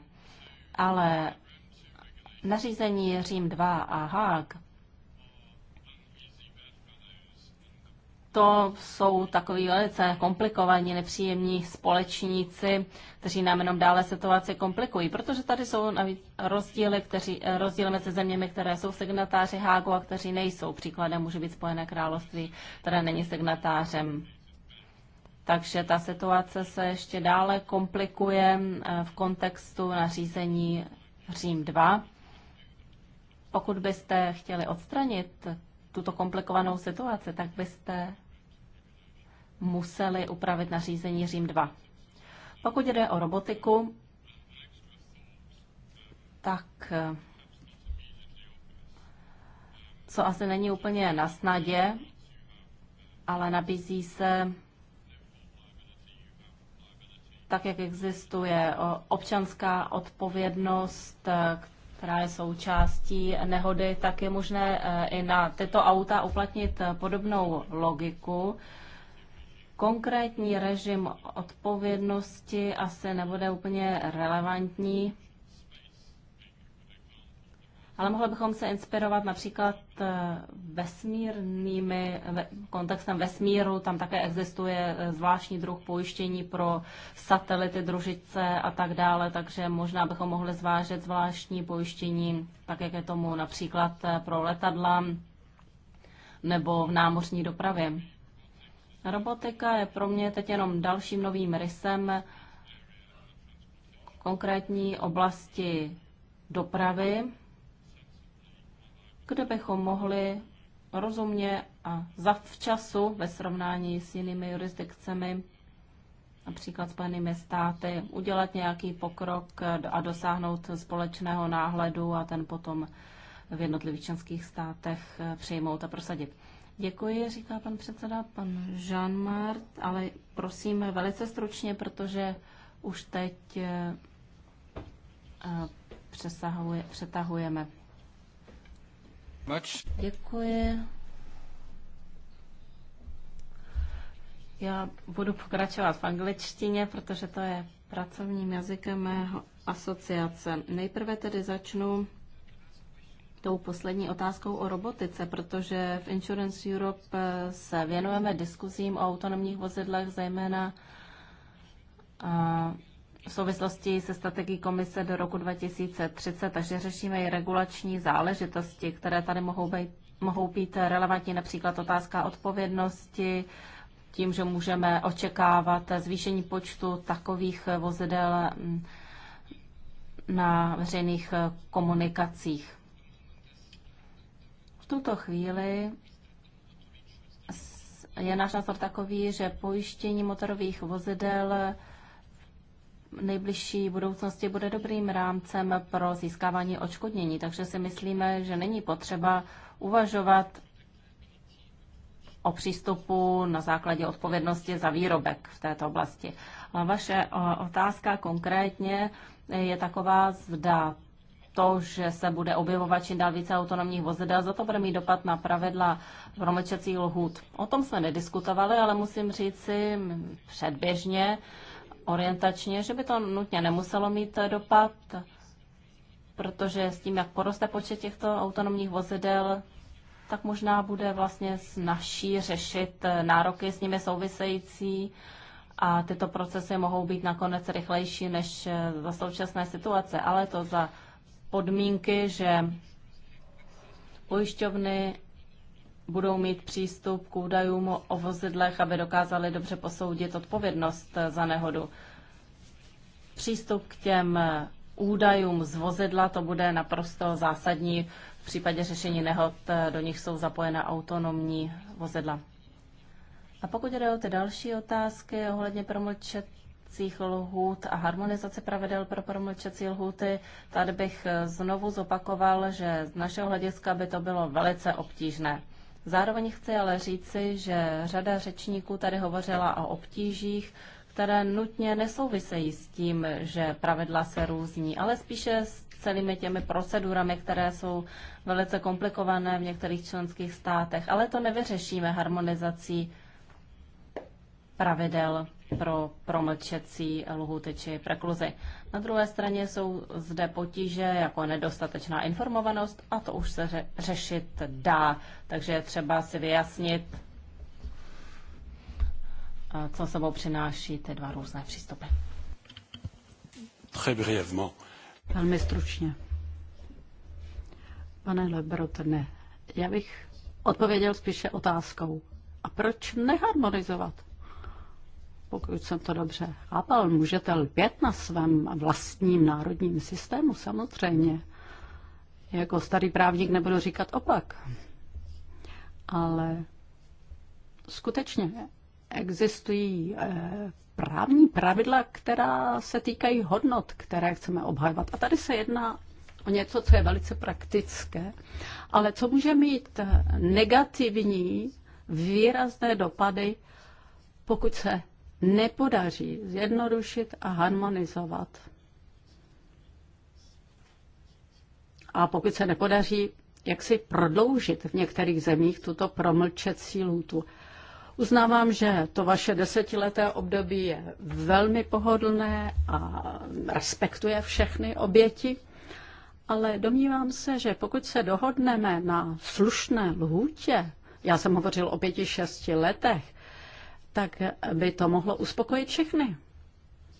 ale nařízení Řím 2 a Hák to jsou takový velice komplikovaní, nepříjemní společníci, kteří nám jenom dále situaci komplikují, protože tady jsou navíc rozdíly, kteří, rozdíly mezi zeměmi, které jsou signatáři Hágu a kteří nejsou. Příkladem může být Spojené království, které není signatářem. Takže ta situace se ještě dále komplikuje eh, v kontextu nařízení Řím 2. Pokud byste chtěli odstranit tuto komplikovanou situaci, tak byste museli upravit nařízení Řím 2. Pokud jde o robotiku, tak eh, co asi není úplně na snadě, ale nabízí se tak, jak existuje občanská odpovědnost, eh, která je součástí nehody, tak je možné eh, i na tyto auta uplatnit eh, podobnou logiku. Konkrétní režim odpovědnosti asi nebude úplně relevantní ale mohli bychom se inspirovat například eh, vesmírnými, kontextem vesmíru, tam také existuje eh, zvláštní druh pojištění pro satelity, družice a tak dále, takže možná bychom mohli zvážit zvláštní pojištění, tak jak je tomu například eh, pro letadla nebo v námořní dopravě. Robotika je pro mě teď jenom dalším novým rysem konkrétní oblasti dopravy kde bychom mohli rozumně a za včasu ve srovnání s jinými jurisdikcemi, například Spojenými státy, udělat nějaký pokrok a dosáhnout společného náhledu a ten potom v jednotlivých členských státech přijmout a prosadit. Děkuji, říká pan předseda, pan Jean-Mart, ale prosím velice stručně, protože už teď eh, přetahujeme Much. Děkuji. Já budu pokračovat v angličtině, protože to je pracovním jazykem mého asociace. Nejprve tedy začnu tou poslední otázkou o robotice, protože v Insurance Europe eh, se věnujeme diskuzím o autonomních vozidlech, zejména v souvislosti se strategií komise do roku 2030, takže řešíme i regulační záležitosti, které tady mohou být, mohou být relevantní, například otázka odpovědnosti, tím, že můžeme očekávat zvýšení počtu takových vozidel mm, na veřejných komunikacích. V tuto chvíli je náš názor takový, že pojištění motorových vozidel nejbližší budoucnosti bude dobrým rámcem pro získávání očkodnění, takže si myslíme, že není potřeba uvažovat o přístupu na základě odpovědnosti za výrobek v této oblasti. A vaše otázka konkrétně je taková, zda to, že se bude objevovat čím dál více autonomních vozidel, za to bude mít dopad na pravidla promlčecích lhůt. O tom jsme nediskutovali, ale musím říci předběžně, orientačně, že by to nutně nemuselo mít eh, dopad, protože s tím, jak poroste počet těchto autonomních vozidel, tak možná bude vlastně snažší řešit eh, nároky s nimi související a tyto procesy mohou být nakonec rychlejší než eh, za současné situace, ale to za podmínky, že pojišťovny budou mít přístup k údajům o vozidlech, aby dokázali dobře posoudit odpovědnost za nehodu. Přístup k těm údajům z vozidla, to bude naprosto zásadní v případě řešení nehod, do nich jsou zapojena autonomní vozidla. A pokud jde o ty další otázky ohledně promlčecích lhůt a harmonizace pravidel pro promlčecí lhůty, tady bych znovu zopakoval, že z našeho hlediska by to bylo velice obtížné. Zároveň chci ale říci, že řada řečníků tady hovořila o obtížích, které nutně nesouvisejí s tím, že pravidla se různí, ale spíše s celými těmi procedurami, které jsou velice komplikované v některých členských státech. Ale to nevyřešíme harmonizací pravidel pro promlčecí lhuty či prekluzy. Na druhé straně jsou zde potíže jako nedostatečná informovanost a to už se řešit dá, takže je třeba si vyjasnit, co sebou přináší ty dva různé přístupy. Velmi stručně. Pane Lebrotne, já bych odpověděl spíše otázkou. A proč neharmonizovat? pokud jsem to dobře chápal, můžete lpět na svém vlastním národním systému, samozřejmě. Jako starý právník nebudu říkat opak. Ale skutečně existují eh, právní pravidla, která se týkají hodnot, které chceme obhajovat. A tady se jedná o něco, co je velice praktické, ale co může mít eh, negativní, výrazné dopady, pokud se nepodaří zjednodušit a harmonizovat. A pokud se nepodaří jak si prodloužit v některých zemích tuto promlčecí lůtu. Uznávám, že to vaše desetileté období je velmi pohodlné a respektuje všechny oběti, ale domnívám se, že pokud se dohodneme na slušné lhůtě, já jsem hovořil o pěti, šesti letech, tak by to mohlo uspokojit všechny,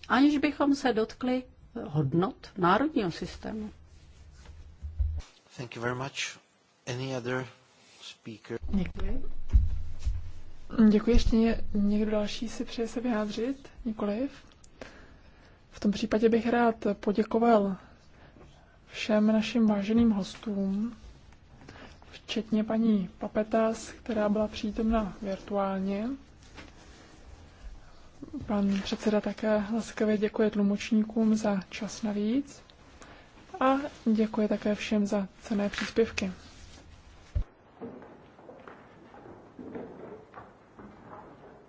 aniž bychom se dotkli hodnot národního systému. Thank you very much. Any other speaker? Děkuji. Děkuji. Ještě někdo další si přeje se vyjádřit? Nikoliv? V tom případě bych rád poděkoval všem našim váženým hostům, včetně paní Papetas, která byla přítomna virtuálně. Pan předseda také laskavě děkuje tlumočníkům za čas navíc a děkuje také všem za cené příspěvky.